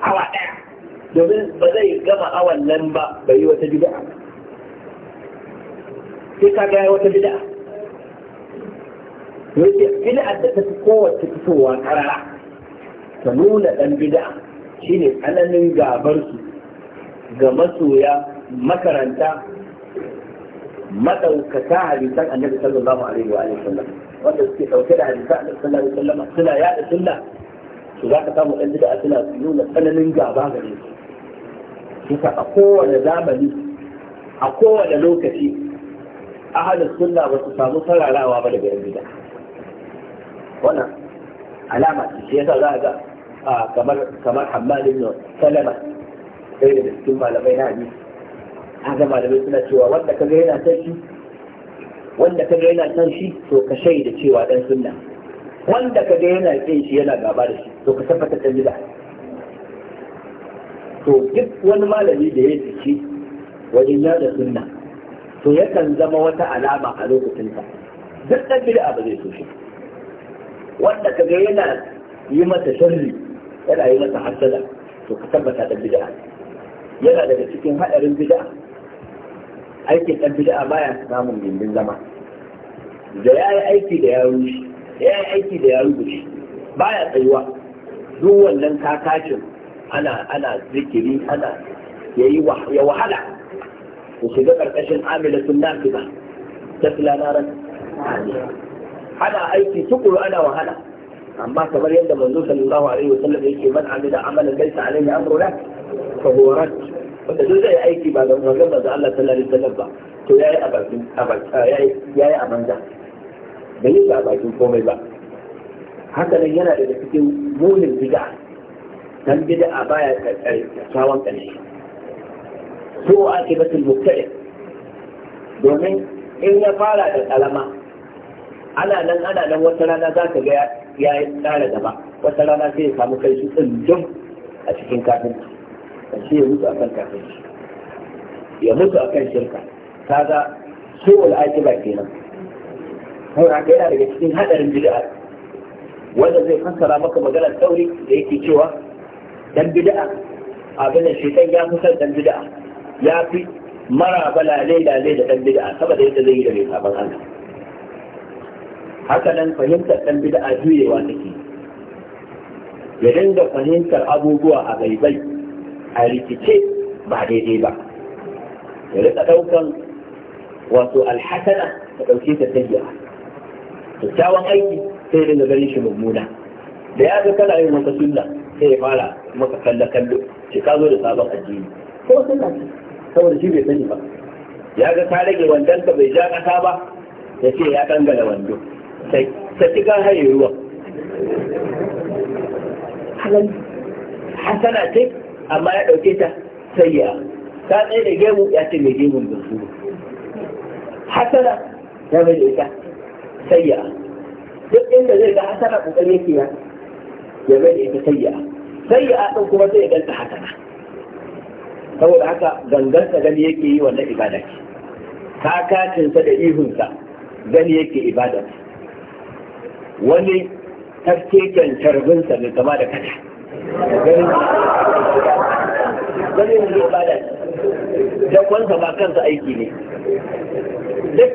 أوى أعم دولة بزي قمى أوى اللنبا بي وتجبع جيكا جاي وتجبع يتي إلا أدتك قوة تكتوها كرارا تنون البدعة shine tsananin gabarsu ga masoya makaranta madaukata hadisan annabi sallallahu alaihi wa alihi wasallam wanda suke dauke da hadisan annabi sallallahu alaihi wasallam suna yada sunna su za ka samu ɗan a suna nuna tsananin gaba gare su kusa a kowane zamani a kowane lokaci halin sunna ba su samu sararawa ba daga yan bid'a wannan alama ce shi yasa za a ga kamar kamar Hammad Salama sai da cikin malamai na hadisi ga malamai suna cewa wanda ka ga yana san shi wanda ka ga yana san shi to ka shaida cewa dan sunna wanda ka ga yana kin shi yana gaba da shi to ka tabbata kan bid'a to duk wani malami da ya fice wajen da sunna to yakan zama wata alama a lokacin sa duk dan bid'a ba zai so shi wanda ka ga yana yi mata sharri yana yi masa hasada to ka tabbata da bid'a yana daga cikin haɗarin bid'a aikin ɗan bid'a baya samun gindin zama da yi aiki da ya rushe da yi aiki da ya rubuce baya tsayuwa duk wannan kakacin ana ana zikiri ana yayi ya wahala ku shiga karkashin amilatun nafiba ta naran ana aiki tukuru ana wahala amma kamar yadda manzo sallallahu alaihi wa sallam yake man amila amalan laysa alaihi amruna fa huwa rad wanda duk zai aiki ba da manzon manzo Allah sallallahu alaihi wa sallam ba to yayi a bakin yayi a banza bai yi a bakin komai ba haka nan yana daga cikin munin bid'a dan bid'a baya kyakkyawan ƙarshe so ake batul mubtadi domin in ya fara da kalama ana nan ana nan wata rana za ka ga ya yi tsara gaba wata rana sai ya samu kai su tsindin a cikin kafinci a ce ya mutu akan kafinci ya mutu akan shirka ta kaga su al'ajiba kenan saboda haka yana daga cikin haɗarin bid'a wanda zai fassara maka maganar sauri da yake cewa dan bid'a abin da shaitan ya fi son dan bid'a ya fi mara balale da da dan bid'a saboda yadda zai yi da mai sabon Allah haka nan fahimtar ɗan bid'a juyewa take ya dinga fahimtar abubuwa a gaibai a rikice ba daidai ba ya rika ɗaukan wato alhasana ta ɗauke ta sayya kyakkyawan aiki sai ya dinga ganin shi mummuna da ya ga kana yin wata sunna sai ya fara maka kalla kallo shi ka zo da sabon addini ko sunna ce saboda shi bai sani ba ya ga ka rage wandon ka bai ja ƙasa ba ya ce ya dangana wando ta ci kan haye ruwa hasana ce amma ya ɗauke ta sayya ta tsaye da gemu ya ce mai gemun da su hasana ya mai da ita sayya duk inda zai ga hasana kokari yake ya ya mai da ita sayya sayya ɗan kuma sai ya ganta hasana saboda haka gangansa gani yake yi wannan ibada ce kacinsa da ihunsa gani yake ibada ce wani tafkeken tarbinsa mai kama da kada ganin ne zai bada dakwansa ba kansa aiki ne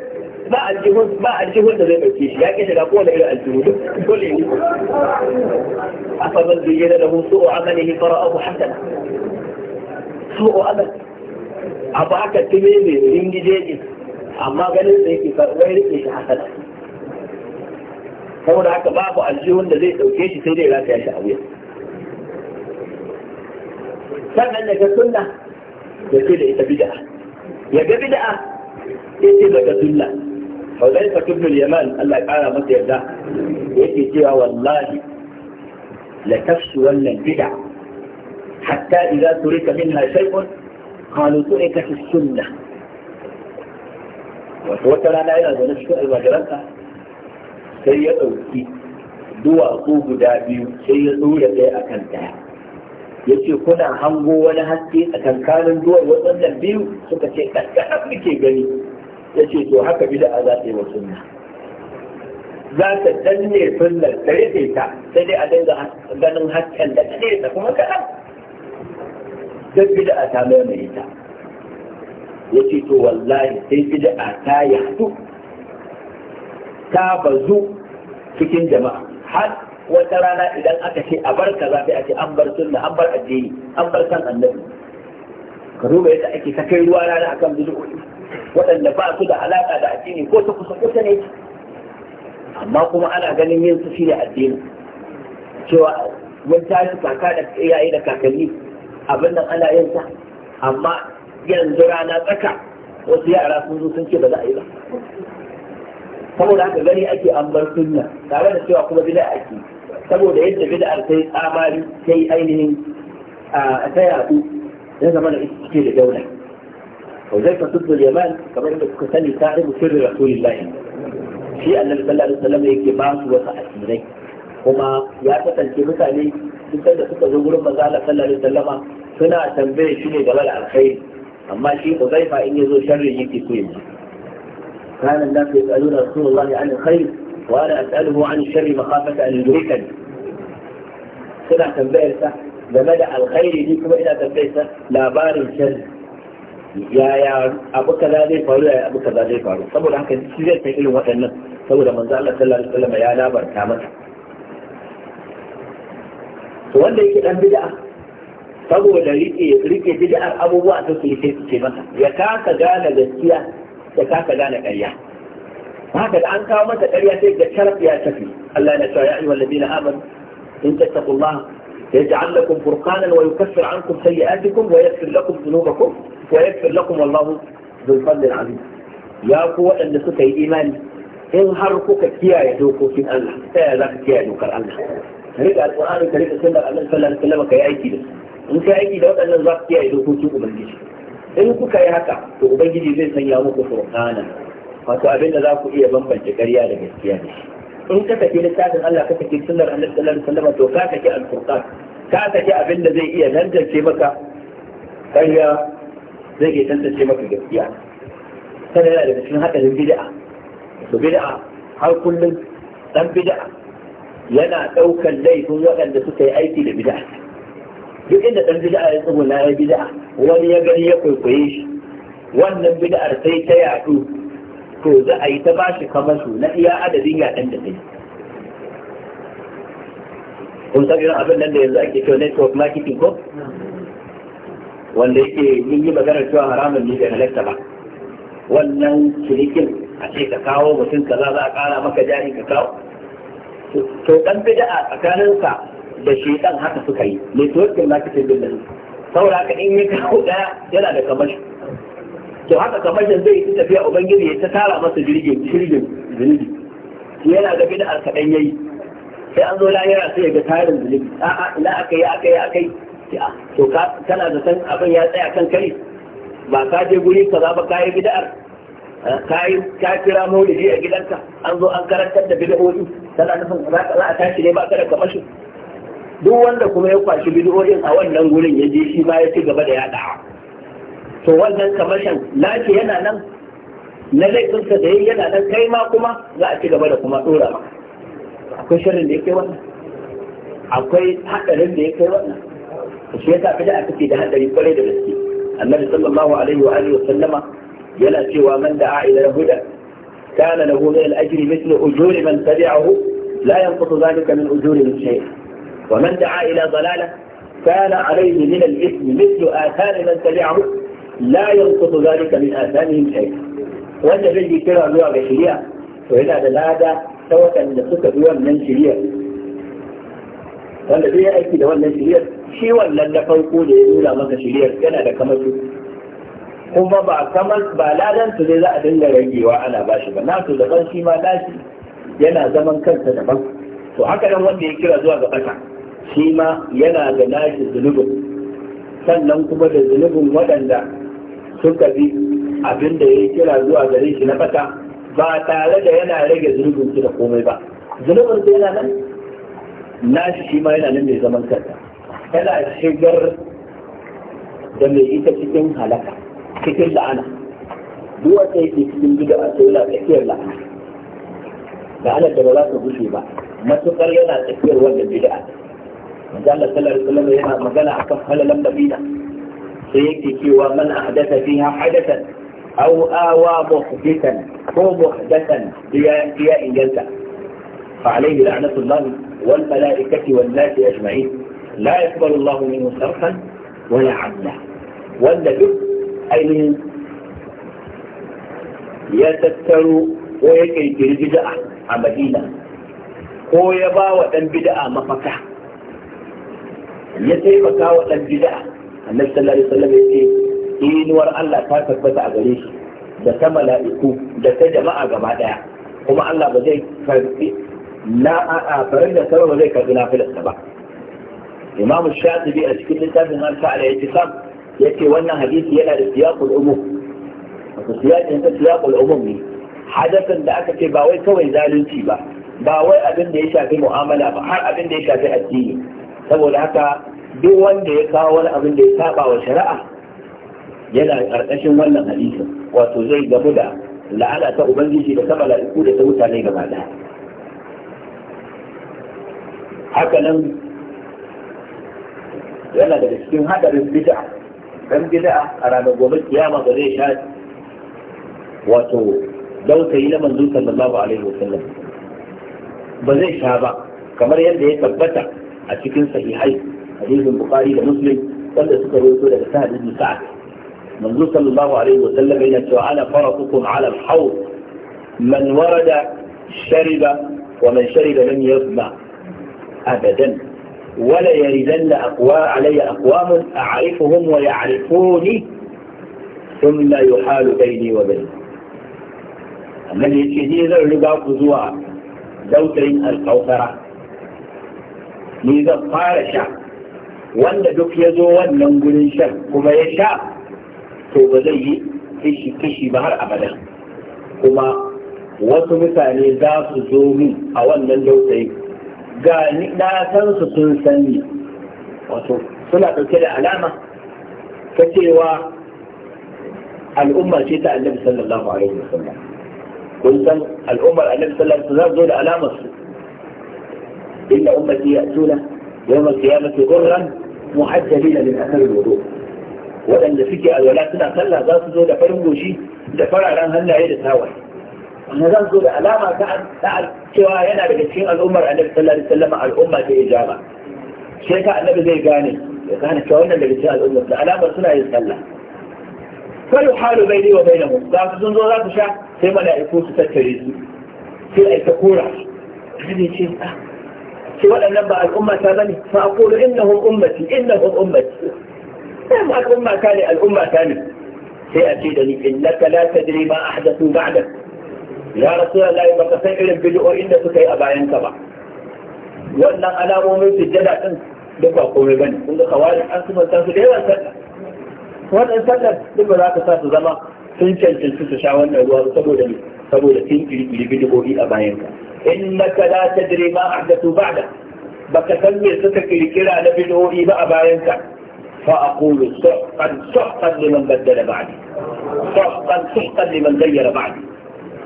ba aljihun ba aljihun da zai dauke shi ya ke shiga ko kowane irin aljihu duk dole ne afa man zuyyana lahu su'u amalihi fara'ahu hasana su'u amal abu aka tume mai ringije amma ganin da yake karɓar rike shi hasana saboda haka babu aljihun da zai dauke shi sai dai lafiya shi a wuya sannan daga sunna ya ce da ita bid'a ya ga bid'a ya ce daga ga sunna Hudayfa ibn al-Yaman Allah ya kara masa yarda yake cewa wallahi la tafsu wannan bid'a hatta idza turika minha shay'un qalu turika fi sunnah wata rana yana zaune cikin almajiranka sai ya ɗauki duwatsu guda biyu sai ya tsura ɗaya a kan ɗaya ya ce kuna hango wani haske a kankanin duwar waɗannan biyu suka ce ƙasƙaɗan muke gani ya ce to haka bi da a za ta yi wa sunna za ta danne sunnar ta rufe ta sai dai a dinga ganin hasken da ta kuma kaɗan duk bida ta mai ita ya ce to wallahi sai bi bida ta yadu ta bazu cikin jama'a har wata rana idan aka ce a bar kaza sai a ce an bar sunna an bar addini an bar san annabi ka duba yadda ake ta kai ruwa rana akan bid'o'i waɗanda ba su da alaƙa da addini ko ta kusa kusa ne amma kuma ana ganin yin su shi ne addini cewa mun tashi kaka da iyaye da kakanni abin nan ana yin sa amma yanzu rana tsaka wasu yara sun zo sun ce ba za a yi ba saboda haka gani ake an bar sunna tare da cewa kuma bid'a ake saboda yadda bid'ar sai tsamari sai ainihin ta yadu ya zama da ita cike da daula وزيفة ضد kamar كما kuka sani تعرف سر sirri الله shi annabi sallallahu alaihi wasallam yake ba su wasu asirai kuma ya kasance mutane duk da suka zo gurin manzo Allah sallallahu alaihi wasallam suna tambaye shi ne game da alkhairi amma shi Uzaifa in yazo sharri yake so ya كان الناس يسألون رسول الله عن الخير وأنا أسأله عن الشر مخافة أن يدركني سنة بئسة لبدأ الخير دي إلى تبئسة لا بار الشر يا يا أبو كذا ذي فارو يا أبو كذا ذي فارو طب ولا كان سيدي تقول ما كان طب الله صلى الله عليه وسلم يا لا بار كامل وأنا يكيد أن بدأ طب ولا ريكي ريكي بدأ أبو بوا تسيسي يا يكاك جانا جسيا da kasa gane ƙarya haka da an kawo masa ƙarya sai ga sharaf ya tafi Allah ya cewa ya ayyuhal ladina amanu in tattaqullaha yaj'al lakum furqanan wa yukaffir ankum sayyi'atikum wa yaghfir lakum dhunubakum wa yaghfir lakum wallahu dhul fadlil azim ya ku waɗanda suka yi imani in har kuka kiyaye dokokin Allah ta yaya za ka kiyaye dokar Allah ka riga alƙur'ani ka riga sunnar Allah sallallahu alaihi wasallam ka yi aiki da su in ka yi aiki da waɗannan za ka kiyaye dokokin ubangiji in kuka yi haka to ubangiji zai sanya muku furqana wato abin da za ku iya bambance ƙarya da gaskiya da shi in ka tafi littafin Allah ka tafi sunnar Annabi sallallahu alaihi wasallam to ka tafi al-Qur'an ka tafi abin da zai iya tantance maka ƙarya zai iya tantance maka gaskiya kada yana daga cikin hadarin bid'a to bid'a har kullum dan bid'a yana ɗaukar laifin waɗanda suka yi aiki da bid'a duk inda dan bid'a ya na ya bid'a wani ya gani ya kwaikwaye shi wannan bid'ar sai ta yaɗu to za a yi ta bashi kamar su na iya adadin yaɗan da ta yi kun san irin abin nan da yanzu ake cewa network marketing ko wanda yake yin yi maganar cewa haramun ne bai halatta ba wannan cinikin a ce ka kawo mutum kaza za a kara maka jari ka kawo to dan bid'a tsakaninka da dan haka suka yi mai tawakkal na bin nan saboda ka in ya kawo da yana da kamar to haka kamar da zai yi tafiya ubangiji ya ta tara masa jirgin jirgin zunubi yana ga bid'a kadan yayi sai an zo lahira sai ya ga tarin zunubi a'a ina yi aka yi to ka kana da san abin ya tsaya kan kai ba ka je guri kaza ba kai yi bid'ar eh, ka yi ka kira maulidi a gidanka an zo an karantar da bid'o'i tana nufin za a tashi ne ba ka da kamar duk wanda kuma ya kwashi bid'o'in a wannan gurin ya je shi ma ya ci gaba da yaɗa to wannan kamashin lafi yana nan na laifinsa da yayi yana nan kai ma kuma za a ci gaba da kuma ɗora ma akwai shirin da ya kai wannan akwai haɗarin da ya kai wannan shi yasa a take da hadari kwarai da gaske annabi sallallahu alaihi wa alihi wa sallama yana cewa man da'a ila huda kana lahu min al-ajri mithlu ujuri man tabi'ahu la yanqutu dhalika min ujuri shay'a ومن دعا إلى ضلالة كان عليه من الإثم مثل آثار من تبعه لا ينقص ذلك من آثامهم شيء وانت بيجي كرا نوع بشرية وإذا دلادة سوى كان نفسك هو من شرية وأن بيجي أيكي دوان من شرية شوى لن نفوقوا يقول مكا شرية كان هذا كما شو kuma ba kamar ba ladan su zai za a dinga rayuwa ana ba shi ba na su daban shi ma lashi yana zaman kansa shi ma yana da nashi zunubin sannan kuma da zunubin waɗanda suka bi abin da ya kira zuwa gare shi na fata ba tare da yana rage zunubin su da komai ba zunubin su yana nan nashi shi ma yana nan mai zaman kanta yana shigar da mai ita cikin halaka cikin la'ana duk wata yake cikin gida a tsola tsakiyar la'ana la'anar da ba za ta gushe ba matuƙar yana tsakiyar wannan bid'a manzo Allah sallallahu alaihi wasallam yana magana akan halalan Madina sai yake cewa man ahdatha fiha hadathan aw awa muhdithan ko muhdathan ya ya inganta fa alaihi la'natullah wal malaikati wan nas ajma'in la yaqbalu Allah minhu sarfan wala 'adla wanda duk ainihin ya tattaro ko ya kirkiri bid'a a Madina ko ya ba wa dan bid'a mafaka ya taimaka wa ɗan bid'a annabi sallallahu alaihi wasallam ya ce inuwar Allah ta tabbata a gare shi da ta mala'iku da ta jama'a gaba daya kuma Allah ba zai karbi na a farin da sama ba zai karbi filasta ba imam shatibi a cikin littafin man ta al-i'tisam yace wannan hadisi yana da siyaqul umum wato siyaqin ta siyaqul umum ne hadasan da aka ce ba wai kawai zalunci ba ba wai abin da ya shafi mu'amala ba har abin da ya shafi addini saboda haka duk wanda ya kawo wani abin da ya saba wa shari'a yana ƙarƙashin wannan hadisin wato zai gamu da la'ana ta ubangiji da ta mala'iku da ta mutane gaba ɗaya haka nan yana daga cikin haɗarin bid'a dan bid'a a ranar gobe kiyama ba zai sha wato dautayi na manzo sallallahu alaihi wasallam ba zai sha ba kamar yadda ya tabbata a cikin sahihai hadisin bukhari da muslim wanda suka rawaito daga sa'ad ibn sa'ad manzo sallallahu alaihi wa sallam yana cewa ala faratukum ala al-hawd man warada shariba wa man shariba lam yazma abadan ولا يردن أقوى علي أقوام أعرفهم ويعرفوني ثم يحال بيني وبينهم annabi ya ce ni zan riga ku zuwa dautarin alkawfara ni zan fara sha wanda duk ya zo wannan gurin shan kuma ya sha to ba zai yi kashi kashi ba har abada kuma wasu mutane za su zo min a wannan dausayi ga ni na san su sun sani. wato suna ɗauke da alama ta cewa al'umma ce ta annabi sallallahu alaihi wasallam kun san al'ummar annabi sallallahu alaihi wasallam za zo da alamar su إلا أمتي يأتون يوم القيامة غرا محجلين من أثر الوضوء ولن نفكي أولا سنة خلا ذات ذو دفر مجوشي دفر على هل عيد الهوى. أنا ذات ذو تعرف تعد تعد كواينا بكثير الأمر أن صلى الله عليه وسلم على الأمة بإجابة شيخ النبي زي قاني يقان كواينا بكثير الأمة الألامة سنة يتخلى فيحال بيني وبينهم ذات ذو ذات شاء ثم لا يكون ستكريز في أي تقول هذه أه، شيء ce waɗannan ba al'umma ta bane fa aqulu innahum ummati innahum ummati sai mu al'umma ta ne al'umma ta ne sai a ce da ni innaka la tadri ma ahdathu ba'dak ya rasulullahi baka san irin bid'o'in da suka yi a bayan ka ba wannan alamomin sujjada din duk ba komai bane kun ga kawai an kuma san su da yawa sallah wannan sallar duk ba za ka sa su zama sun cancanci su sha wannan ruwa saboda saboda sun kirkiri bid'o'i a bayan ka innaka la tadri ma ahdathu ba'da baka san me suka kirkira na bid'o'i ba a bayan ka fa aqulu suhqan suhqan liman baddala ba'di suhqan suhqan liman ghayyara ba'di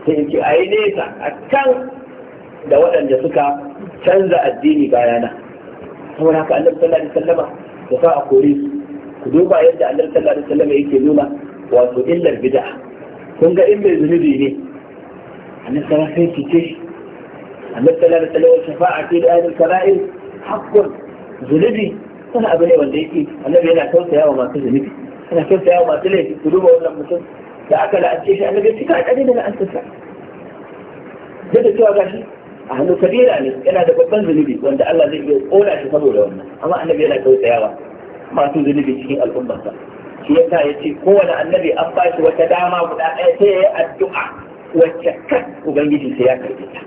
sai ki ayi nesa a can da waɗanda suka canza addini bayana saboda haka annabi sallallahu alaihi wasallama da fa a kore su ku duba yadda annabi sallallahu alaihi wasallama yake nuna wato illar gida. kun ga in mai zunubi ne annabi annabi sallallahu alaihi wasallam shafa'a fi ahlil kaba'ir haqqun zulubi wani abu ne wanda yake annabi yana tausaya wa masu zunubi yana tausaya wa masu laifi su duba wannan mutum da aka la'ance shi annabi shi ka kare da la'antarsa duk da cewa gashi a hannu kabira ne yana da babban zunubi wanda Allah zai iya kona shi saboda wannan amma annabi yana tausayawa masu zunubi cikin al'ummarsa shi yasa ya ce kowane annabi an ba shi wata dama guda ɗaya sai ya yi addu'a wacce kan ubangiji sai ya karɓe ta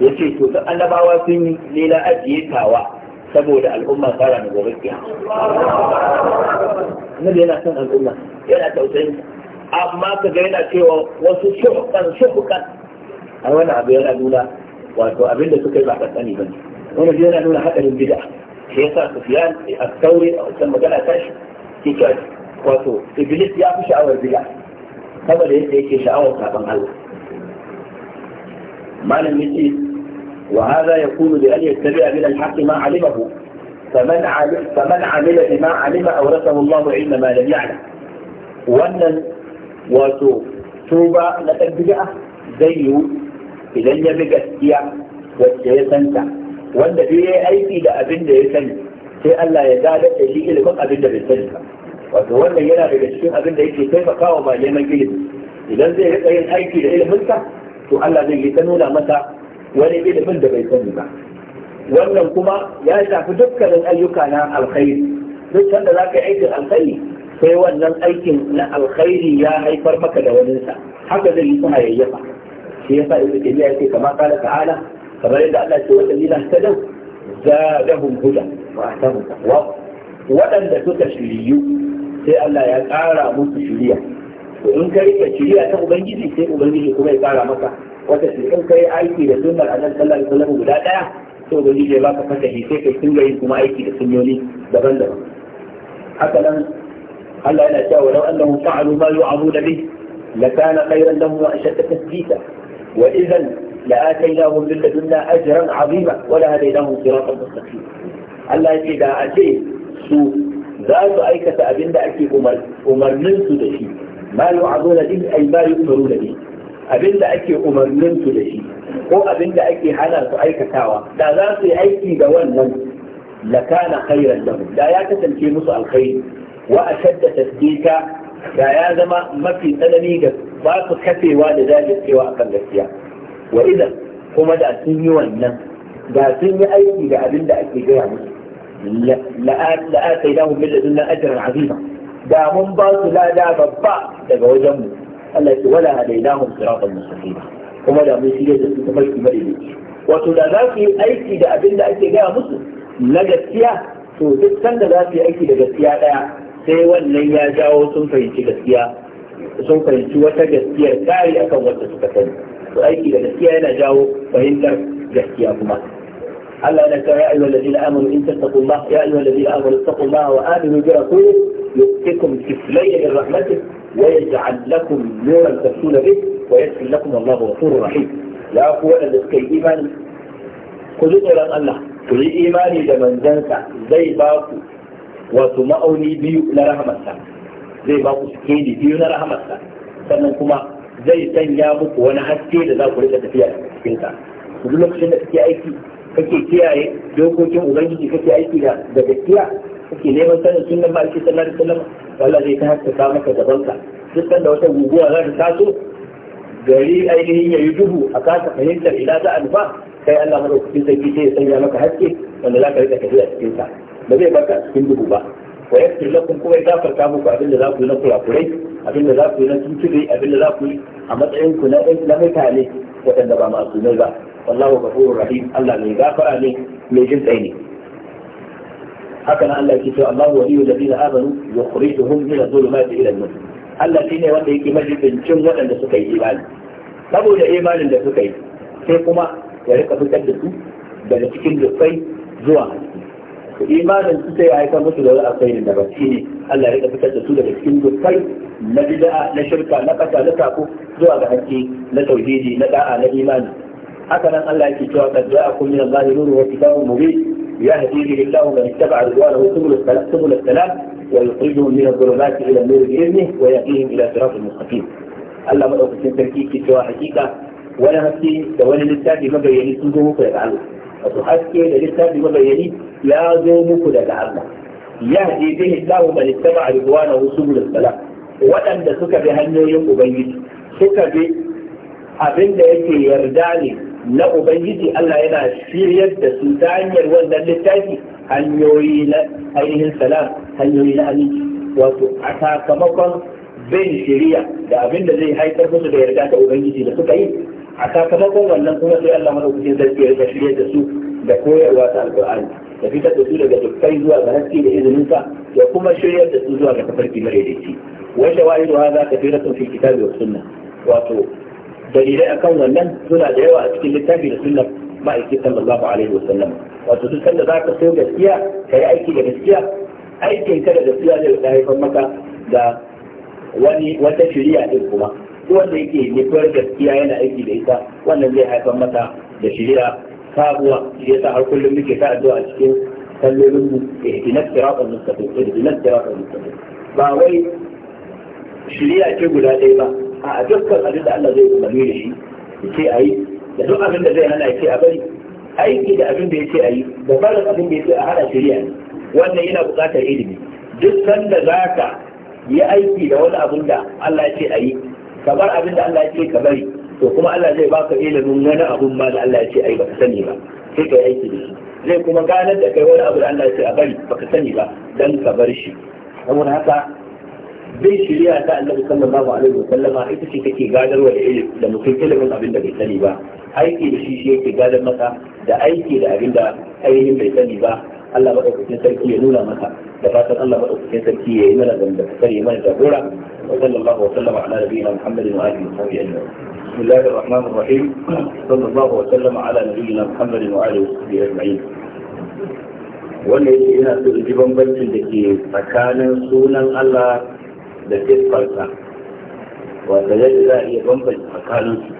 ya ce to duk annabawa sun yi ne ajiye tawa saboda al'umma fara na gobe kiya annabi yana son al'umma yana tausayin amma ka ga yana cewa wasu shuhukan shuhukan a wani abu yana nuna wato abinda da suka yi ba kankani ba ne wani yana nuna haɗarin bid'a shi yasa sufiyan a taure a wancan magana tashi shi wato iblis ya fi sha'awar bid'a saboda yadda yake sha'awar sabon Allah ما لم المثيل وهذا يكون بأن يتبع من الحق ما علمه فمن عمل, فمن عمل بما علم أورثه الله علم ما لم يعلم ون وتوبا لتنبجا زي إذا يبقى السيا وسيسنتا وأن في أي في لا أبن يسن في لا يزال الشيء الى كنت أبن بالسنة وتولى يلا بالشيء أبن يسن كيف قاوم يمن جلد إذا زي أي في لا إلى to Allah zai yi ta nuna masa wani ilimin da bai sani ba wannan kuma ya shafi dukkanin ayyuka na alkhairi duk sanda za ka yi aikin alkhairi sai wannan aikin na alkhairi ya haifar maka da waninsa haka zai yi suna yayyafa shi yasa ibnu taymiya yake kama kala ta'ala kamar yadda Allah ce wa dalila tadaw zadahum huda wa atahum taqwa waɗanda suka shiriyu sai Allah ya ƙara musu shiriya domin ka rike shiriya ta ubangiji sai ubangiji kuma ya tsara maka wata in kai aiki da sunnar annabi sallallahu alaihi wasallam guda ɗaya? sai ubangiji ya ba ka fatahi sai kai tunga yin kuma aiki da sunnoni daban-daban haka nan Allah yana cewa law annahum fa'alu ma yu'amuna bih lakana khayran lahum wa ashadda tasbita wa idhan لآتيناهم من لدنا أجرا عظيما ولهديناهم صراطا مستقيما الله يجي دا أجي سو ذات أيكة أبين دا أكي أمر أمر da shi. ma yu'azuna bihi ay ma yu'maruna bihi abinda ake umarnin su da shi ko abinda ake hana su aikatawa da za su yi aiki da wannan lakana khairan lahum da ya kasance musu alkhairi wa ashadda tasdika da ya zama mafi tsanani da ba su kafewa da jajircewa akan gaskiya wa idan kuma da sun yi wannan da sun yi aiki da abinda ake gaya musu la'atainahum min ladunna ajran azima da mun ba su lada babba daga wajen mu Allah ya wala hadainahum siratal mustaqim kuma da mun shirye da su kuma shi madaidaici wato da za su yi aiki da abin da ake gaya musu na gaskiya to duk sanda za su yi aiki da gaskiya daya sai wannan ya jawo sun fahimci gaskiya sun fahimci wata gaskiyar kari akan wacce suka sani to aiki da gaskiya yana jawo fahimtar gaskiya kuma ألا لك يا أيها الذين آمنوا إن تتقوا الله يا أيها الذين آمنوا اتقوا الله وآمنوا برسوله يؤتكم كفلي من رحمته ويجعل لكم نورا تمشون به ويدخل لكم الله غفور رحيم لا قوة إلا كي إيمان قلت قل الله قل إيماني لمن زنت زي باكو وتمأني بي لرحمة زي باكو سكيني بي لرحمة سنكما زي تنيامك ونحسكي لذلك ولكت فيها إنسان قلت لك شنك في ايكي kake kiyaye dokokin ubangiji kake aiki da gaskiya kake neman sanin sunan ma'aiki sallallahu alaihi wasallam Allah zai ta haskaka maka ka dukkan da wata guguwa za ta taso gari ainihin yayi duhu a kasa fahimtar ila za a nufa kai Allah madaukakin sarki sai ya sanya maka haske wanda za ka rika tafiya cikin sa ba zai baka cikin duhu ba wa yaghfir lakum kuma ya gafarta muku abin da za ku yi na kurakurai abin da za ku yi na tuntube abin da za ku yi a matsayin ku na mutane waɗanda ba masu ba wallahu ghafurur rahim Allah mai gafara ne mai jin tsaye ne haka nan Allah yake cewa Allahu waliyul ladina amanu yukhrijuhum min adh-dhulumati ila an-nur Allah shine wanda yake majibincin waɗanda suka yi imani saboda imanin da suka yi sai kuma ya rika fitar da su daga cikin dukkai zuwa haske imanin su sai ya haifar musu da wani da bacci ne Allah ya rika fitar da su daga cikin dukkai na bid'a na shirka na kasa na sako zuwa ga haske na tauhidi na da'a na imani haka nan Allah yake cewa kad ja'akum min Allah nurun wa kitabun mubin yahdi bihi Allah man ittaba'a ridwanahu subul as salat, wa yukhrijuhum min adh-dhulumati ila an-nur bi idhnihi wa yahdihim ila siratin mustaqim Allah madaukakin sarki ke cewa hakika wani haske da wani littafi mabayyani sun zo muku daga Allah wato haske da littafi mabayyani ya zo muku daga Allah ya ji bihi Allah man ittaba ridwana wa subul salat, waɗanda suka bi hanyoyin ubangiji suka bi abin da yake yarda ne na ubangiji Allah yana shiryar da su ta hanyar wannan littafi hanyoyi na ainihin salam hanyoyi na aminci wato a sakamakon bin shiriya da abin da zai haifar musu da yarda ta ubangiji da suka yi a sakamakon wannan kuma sai Allah madaukakin sarki ya shiryar da su da koyarwa ta alqur'ani da fitar da su daga dukkai zuwa ga haske da izinin sa da kuma shiryar da su zuwa ga tafarki madaidaici wa shawahidu hadha kathiratun fi kitabi wa sunnah wato dalilai akan wannan suna da yawa a cikin littafi da sunnar ma'aiki sallallahu alaihi wasallam wato duk sanda ka so gaskiya ka yi aiki da gaskiya aikin ka da gaskiya zai haifar maka da wani wata shiriya din kuma duk wanda yake nufar gaskiya yana aiki da ita wannan zai haifar mata da shiriya. sabuwa shi yasa har kullum muke ta addu'a a cikin sallolin mu ihdinas siratal mustaqim ihdinas siratal mustaqim ba wai shiriya ce guda ɗaya ba a dukkan abin da Allah zai umarni da shi ya ce a yi da duk abin da zai hana ya ce a bari aiki da abin da ya ce a yi da barin abin da ya ce a hana shari'a wannan yana buƙatar ilimi duk sanda za ka yi aiki da wani abin da Allah ya ce a yi ka bar abin da Allah ya ce ka bari to kuma Allah zai baka ilimin wani abun ma da Allah ya ce a yi baka sani ba sai ka yi aiki da shi zai kuma ganar da kai wani abu da Allah ya ce a bari baka sani ba dan ka bar shi saboda haka bin shirya ta annabi sallallahu alaihi wa sallama ita ce take gadarwa da ilimi da mutum ilimin abin da bai sani ba aiki da shi shi yake gadar masa da aiki da abin da ainihin bai sani ba Allah madaukakin sarki ya nuna masa da fatan Allah madaukakin sarki ya yi mana zanda ka sani mana jagora wa sallallahu wa sallama ala nabiyina Muhammadin wa alihi wa sahbihi ajma'in بسم الله الرحمن الرحيم صلى الله وسلم على نبينا محمد وعلى اله وصحبه اجمعين wannan yana so ji bambancin da ke tsakanin sunan Allah da fiskarsa wanda yadda za a iya bambanta tsakaninsu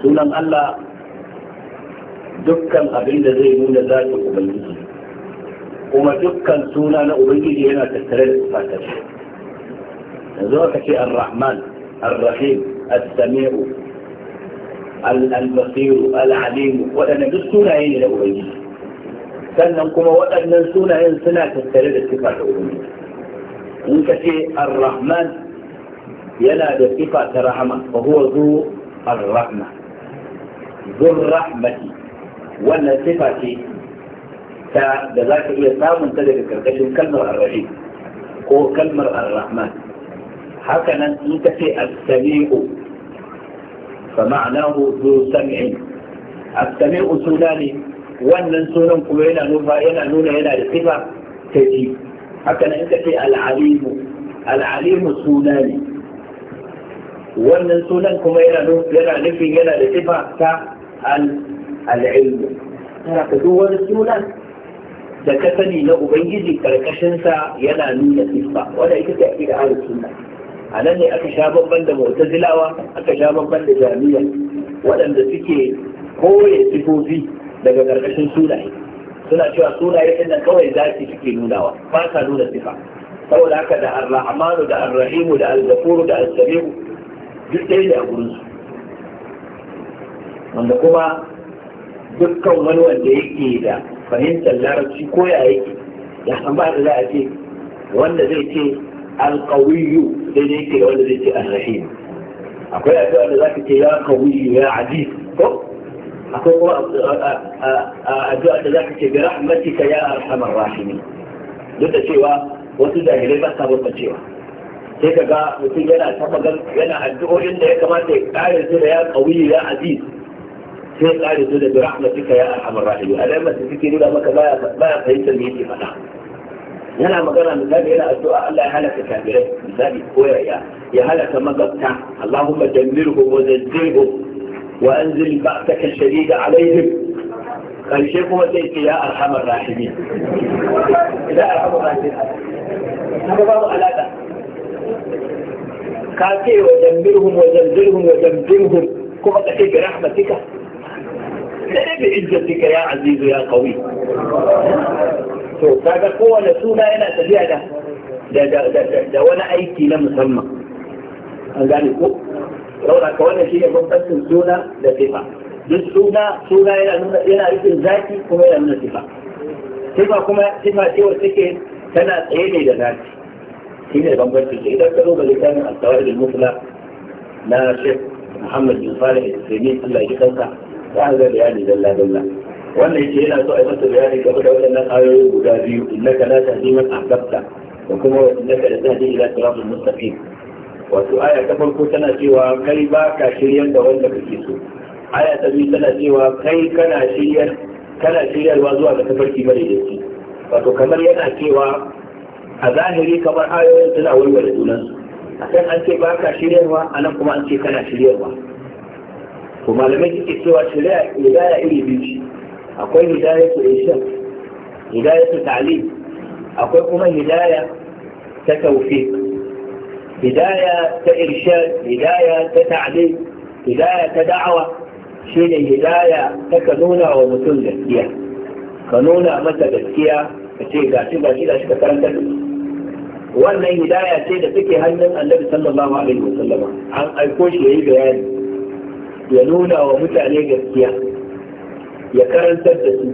sunan Allah dukkan abin da zai nuna zafin Ubangiji kuma dukkan suna na Ubangiji yana tattare da sifatar yanzu aka ce ar-Rahman ar-Rahim al samiu al-Basiru al-Alim Waɗanne duk sunaye ne na Ubangiji sannan kuma waɗannan sunayen suna tattare da ta Ubangiji in ka ce ar-rahman yana da sifa ta rahama fa huwa zu ar-rahma zur rahmati wannan sifa ce ta da za ka iya samun ta daga karkashin kalmar ar-rahim ko kalmar ar-rahman haka nan in ka ce as-sami'u fa ma'anahu zu sam'in as-sami'u sunani wannan sunan kuma yana nuna yana da sifa ta ji haka nan ka ce al'alimu al'alimu suna ne wannan sunan kuma yana nufin yana da sifa ta al'ilmu tana ka duk wani sunan da ka sani na ubangiji karkashinsa yana nuna sifa wanda ita ce ake da ahlus suna. a nan ne aka sha babban da mu'tazilawa aka sha babban da jami'a waɗanda suke koye sifofi daga karkashin sunaye suna cewa sunaye din nan kawai zaki suke nunawa ba sa nuna sifa saboda haka da ar-rahmanu da ar-rahimu da al-ghafuru da al-samiu duk ɗaya ne a gurin su wanda kuma dukkan wani wanda yake da fahimtar larabci ko ya yake ya san ba da za a ce wanda zai ce al-qawiyyu sai ne yake da wanda zai ce ar-rahim akwai addu'a da zaka ce ya qawiyyu ya aziz ko akwai kuma addu'a da za zaka ce bi rahmatika ya arhamar rahimin duk da cewa wasu jahilai ba sa cewa. sai ka ga mutum yana ta yana addu'o'in da ya kamata ya kare su da ya qawi ya aziz sai ya kare su da bi rahmatika ya arhamar rahimin alamar da suke nuna maka baya baya fahimtar me yake faɗa yana magana misali yana addu'a Allah ya halaka kafirai misali ko ya ya halaka magabta Allahumma jammilhum wa zazzilhum وأنزل بأسك الشديد عليهم الشيخ هو سيدي يا أرحم الراحمين لا أرحم الراحمين هذا بعض ألادا كاتي وجنبرهم وزلزلهم وجنبرهم كما تكي برحمتك لا بعزتك يا عزيز يا قوي ده ده ده ده ده ده ده ده ده ده ده ده ده ده ده ده saboda ka wannan shi ne bambancin suna da sifa duk suna suna yana nuna yana nufin zaki kuma yana nuna sifa sifa kuma sifa ce wacce take tana tsaye ne da zaki shine bambancin shi idan ka zo ga littafin al-tawhid al-mufla na Sheikh Muhammad bin Salih al-Uthaymeen Allah ya kanka za a ga bayani dalla dalla wannan shi yana so a yi masa bayani game da waɗannan ayoyi guda biyu innaka la tahdi man ahbabta وكما انك لتهدي الى صراط مستقيم wato aya ta farko tana cewa kai ba ka shiryar da wanda kake so aya ta biyu tana cewa kai kana shiryar kana shiryarwa zuwa ga tafarki madaidaici wato kamar yana cewa a zahiri kamar ayoyin suna warware junansu a kan an ce ba ka shiryarwa a nan kuma an ce kana shiryarwa to malamai suke cewa shari'a hidaya iri biyu akwai hidaya su ishan hidaya su talib akwai kuma hidaya ta taufik hidaya ta irshad hidaya ta ta'lim hidaya ta hidaya ta nuna wa mutum gaskiya ka nuna masa gaskiya ka ce ga shi ga shi shi ka karanta wannan hidaya ce da take hannun annabi sallallahu alaihi wasallam an aiko shi yayi bayani ya nuna wa mutane gaskiya ya karantar da su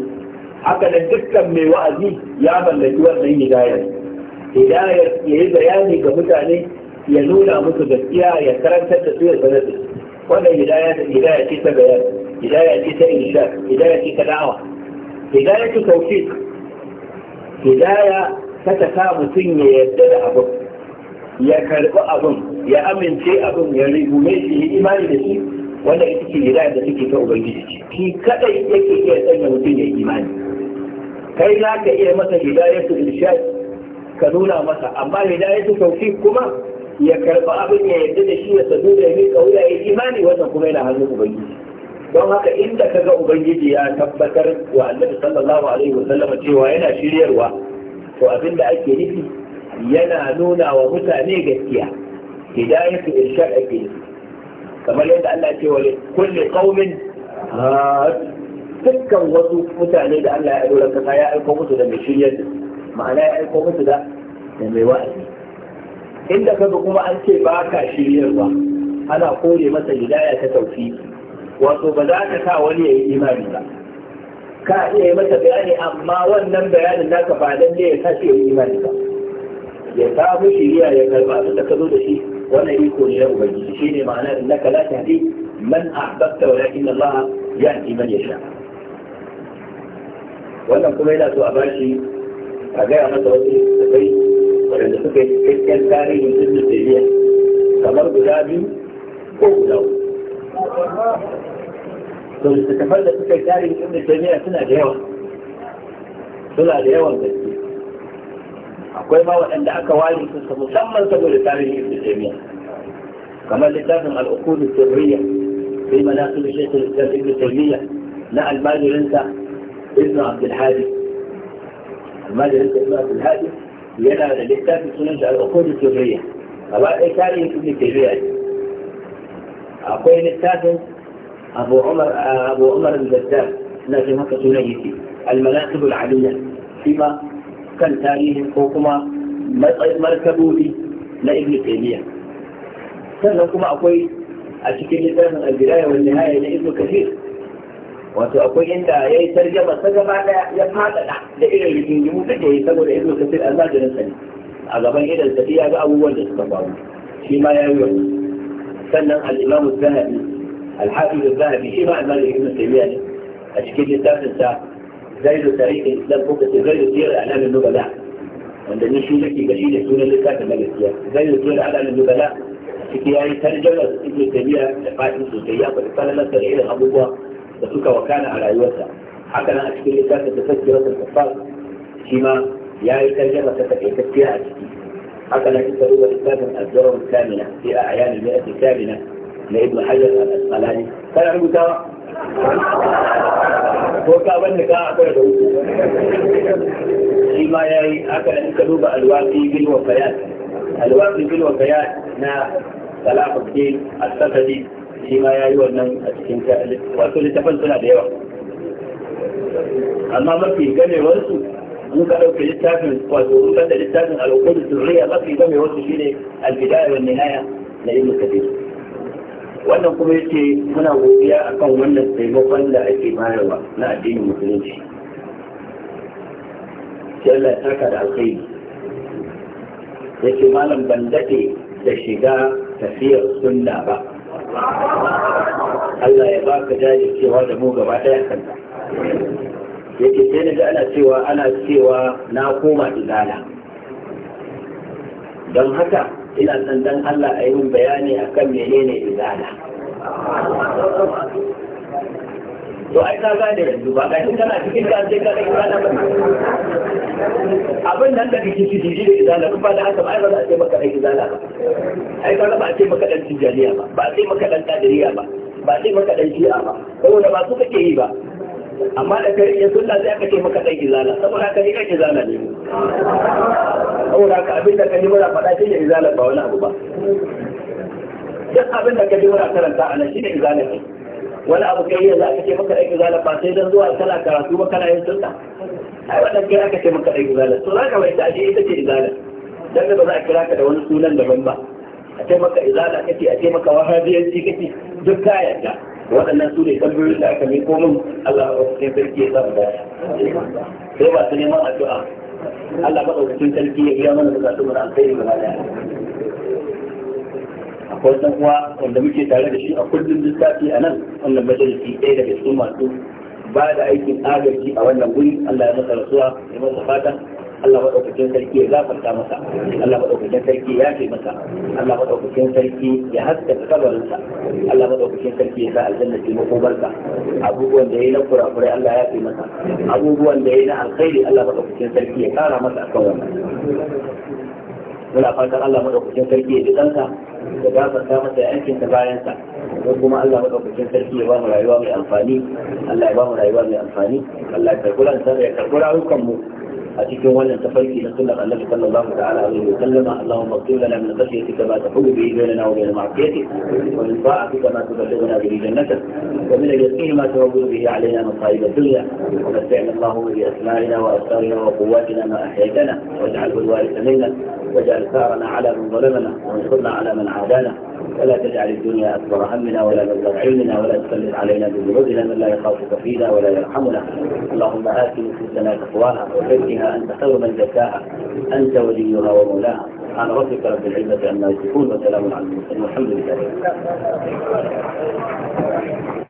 haka da dukkan mai wa'azi ya mallaki wannan hidayar hidayar ya yi bayani ga mutane ya nuna musu gaskiya ya karantar da su ya sanar da wannan hidaya ta hidaya ce ta bayan hidaya ce ta insha hidaya ce ta da'awa hidaya ce tawfiq hidaya ta ta sa mutum ya yarda da abu ya karbi abin ya amince abin ya rigume shi ya imani da shi wanda ita ce hidaya da take ta ubangiji shi kadai yake iya sanya mutum ya imani kai za ka iya masa hidayatu irshad ka nuna masa amma hidayatu tawfiq kuma ya karba abin ya yadda da shi ya sadu da ya kauya ya imani wannan kuma yana hannun ubangiji don haka inda ka ga ubangiji ya tabbatar wa annabi sallallahu alaihi wa sallama cewa yana shiryarwa to abin da ake nufi yana nuna wa mutane gaskiya hidayatu irshad ake nufi kamar yadda Allah ce wa kulli qaumin dukkan wasu mutane da Allah ya aiko kasa ya aiko musu da mai shiryar ma'ana ya aiko musu da mai wa'azi inda kaga kuma an ce ba ka shiryarwa ana kore masa hidaya ta taufi wato ba za ka sa wani ya yi imani ba ka iya yi masa bayani amma wannan bayanin naka ba dan ne ya sa shi ya yi imani ba ya samu shiriya ya karba abin da ka zo da shi wannan iko ne na ubangiji shine ma'ana innaka la tahdi man ahbabta walakin Allah yahdi man sha. wannan kuma yana so a bashi a gaya masa wasu da kai waɗanda suka yi cikakken tarihin ibn taymiya kamar guda biyu ko guda uku to littattafan da suka yi tarihin ibn taymiya suna da yawa suna da yawan gaske akwai ma waɗanda aka ware su musamman saboda tarihin ibn taymiya kamar littafin al'ukudu sirriya fi manasib shaykh al-islam ibn taymiya na almajirinsa ibn abdul hadi almajirinsa ibn abdul hadi yana da littafin sunan shi al'ukudu turriya gaba ɗaya tarihin ibn turriya ne akwai littafin abu umar abu umar al-gaddar ina jin haka sunan yake al-manaqib al-aliyya shi ma kan tarihin ko kuma matsayin markabobi na ibn taymiya sannan kuma akwai a cikin littafin al-bidaya wal nihaya na ibn kathir wato akwai inda ya yi tarjama ta gaba daya ya fadada da irin rigingimu da yi saboda ibnu kasir almajirin sa ne a gaban idan sa iya ga abubuwan da suka faru shi ma ya yi wani sannan al-imam az-zahabi al-hafiz az-zahabi shi ma almajirin ibnu taymiya ne a cikin littafin sa zaidu tarihin islam ko kace zaidu sirr alamin nubala wanda ni shi nake gashi da sunan littafin na gaskiya zaidu sirr alamin nubala ciki ya yi tarjama ibnu taymiya da fadin sosai ya faɗi falalar da irin abubuwa رسولك وكان على الوسع حتى لا أشكر لسان تفكر الكفار فيما يا يتجرى تفكرها حتى لا يسروا لسان الزرع الكاملة في أعيان المئة الكاملة لابن حجر الأسقلاني فلا عمو ترى هو كابن كاع فيما يا أكل أسلوب الواقي بالوفيات الواقي بالوفيات نا ثلاث الدين الصفدي shi ma ya yi wannan a cikin wato littafan suna da yawa amma mafi wasu mun ka ɗauke littafin wato in ka da littafin al'ukudu turriya mafi gamewarsu shine albidaya wa nihaya na ibn kabir wannan kuma ya ce muna godiya kan wannan taimakon da ake bayarwa na addinin musulunci sai Allah ya saka da alkhairi ce malam ban dade da shiga tafiyar sunna ba Allah ya ba ka cewa da mu gaba ɗaya kanta yake sai na ana cewa ana cewa na koma izala don haka ina son dan Allah a yi bayani akan menene izala to ai ka gane yanzu ba gashi kana cikin ka sai ka kai kana ba abin nan da kake ciki shi ne izala ba da haka ba ai ba za a ce maka dan izala ba ai ka ba a ce maka dan tijaniya ba ba a ce maka dan kadiriya ba ba a ce maka dan shi'a ba saboda ba su kake yi ba amma da kai ya sunna sai aka ce maka dan izala saboda haka ni kan izala ne saboda haka abin da kaji muna faɗa shi ne izala ba wani abu ba duk abin da kaji muna karanta a nan shi ne izala ne wani abu kai yanzu aka ce maka ɗaiƙi zala ba sai don zuwa kana karatu ba kana yin sunna ai wannan kira ka ce maka ɗaiƙi zala to zaka bai ta ita ce izala don da ba za a kira ka da wani sunan daban ba a ce maka izala kake a ce maka wahabiyanci kake duk ka yarda waɗannan su ne tambayoyin da aka miko min Allah ba su sarki ya samu dace sai ba su neman addu'a Allah ba ɗaukacin sarki ya iya mana bukatu mana alkhairi gaba ya akwai dan uwa wanda muke tare da shi a kullum lissafi a nan wannan majalisi ɗaya daga cikin masu ba da aikin agaji a wannan guri Allah ya masa rasuwa ya masa fata Allah maɗaukakin sarki ya gafarta masa Allah maɗaukakin sarki ya ce masa Allah maɗaukakin sarki ya haskaka kabarinsa Allah maɗaukakin sarki ya sa aljanna ce makobarsa abubuwan da ya yi na kurakurai Allah ya ce masa abubuwan da ya yi na alkhairi Allah maɗaukakin sarki ya kara masa akan wannan muna fatan Allah maɗaukakin sarki ya ji kansa da gafarta masa aikin da bayansa ko kuma Allah madaukakin sarki ya ba mu rayuwa mai amfani Allah ya ba mu rayuwa mai amfani Allah ya karɓi ransa ya karɓi rayukan mu أتكون ولا تفيك إلى سنة النبي صلى الله تعالى عليه وسلم اللهم اغفر لنا من خشيتك ما تحول به بيننا وبين معصيتك ومن طاعتك ما تبلغنا به جنتك ومن اليقين ما تعول به علينا مصائب الدنيا ومتعنا اللهم بأسمائنا وأبصارنا وقواتنا ما أحييتنا واجعله الوارث منا واجعل ثارنا على من ظلمنا وانصرنا على من عادانا ولا تجعل الدنيا أكبر همنا ولا مبلغ علمنا ولا تسلط علينا بذنوبنا من لا يخافك فينا ولا يرحمنا اللهم آت نفوسنا تقواها وزكها عليها أن من زكاها أنت وليها ومولاها سبحان ربك رب العزة عما يصفون وسلام على المرسلين والحمد لله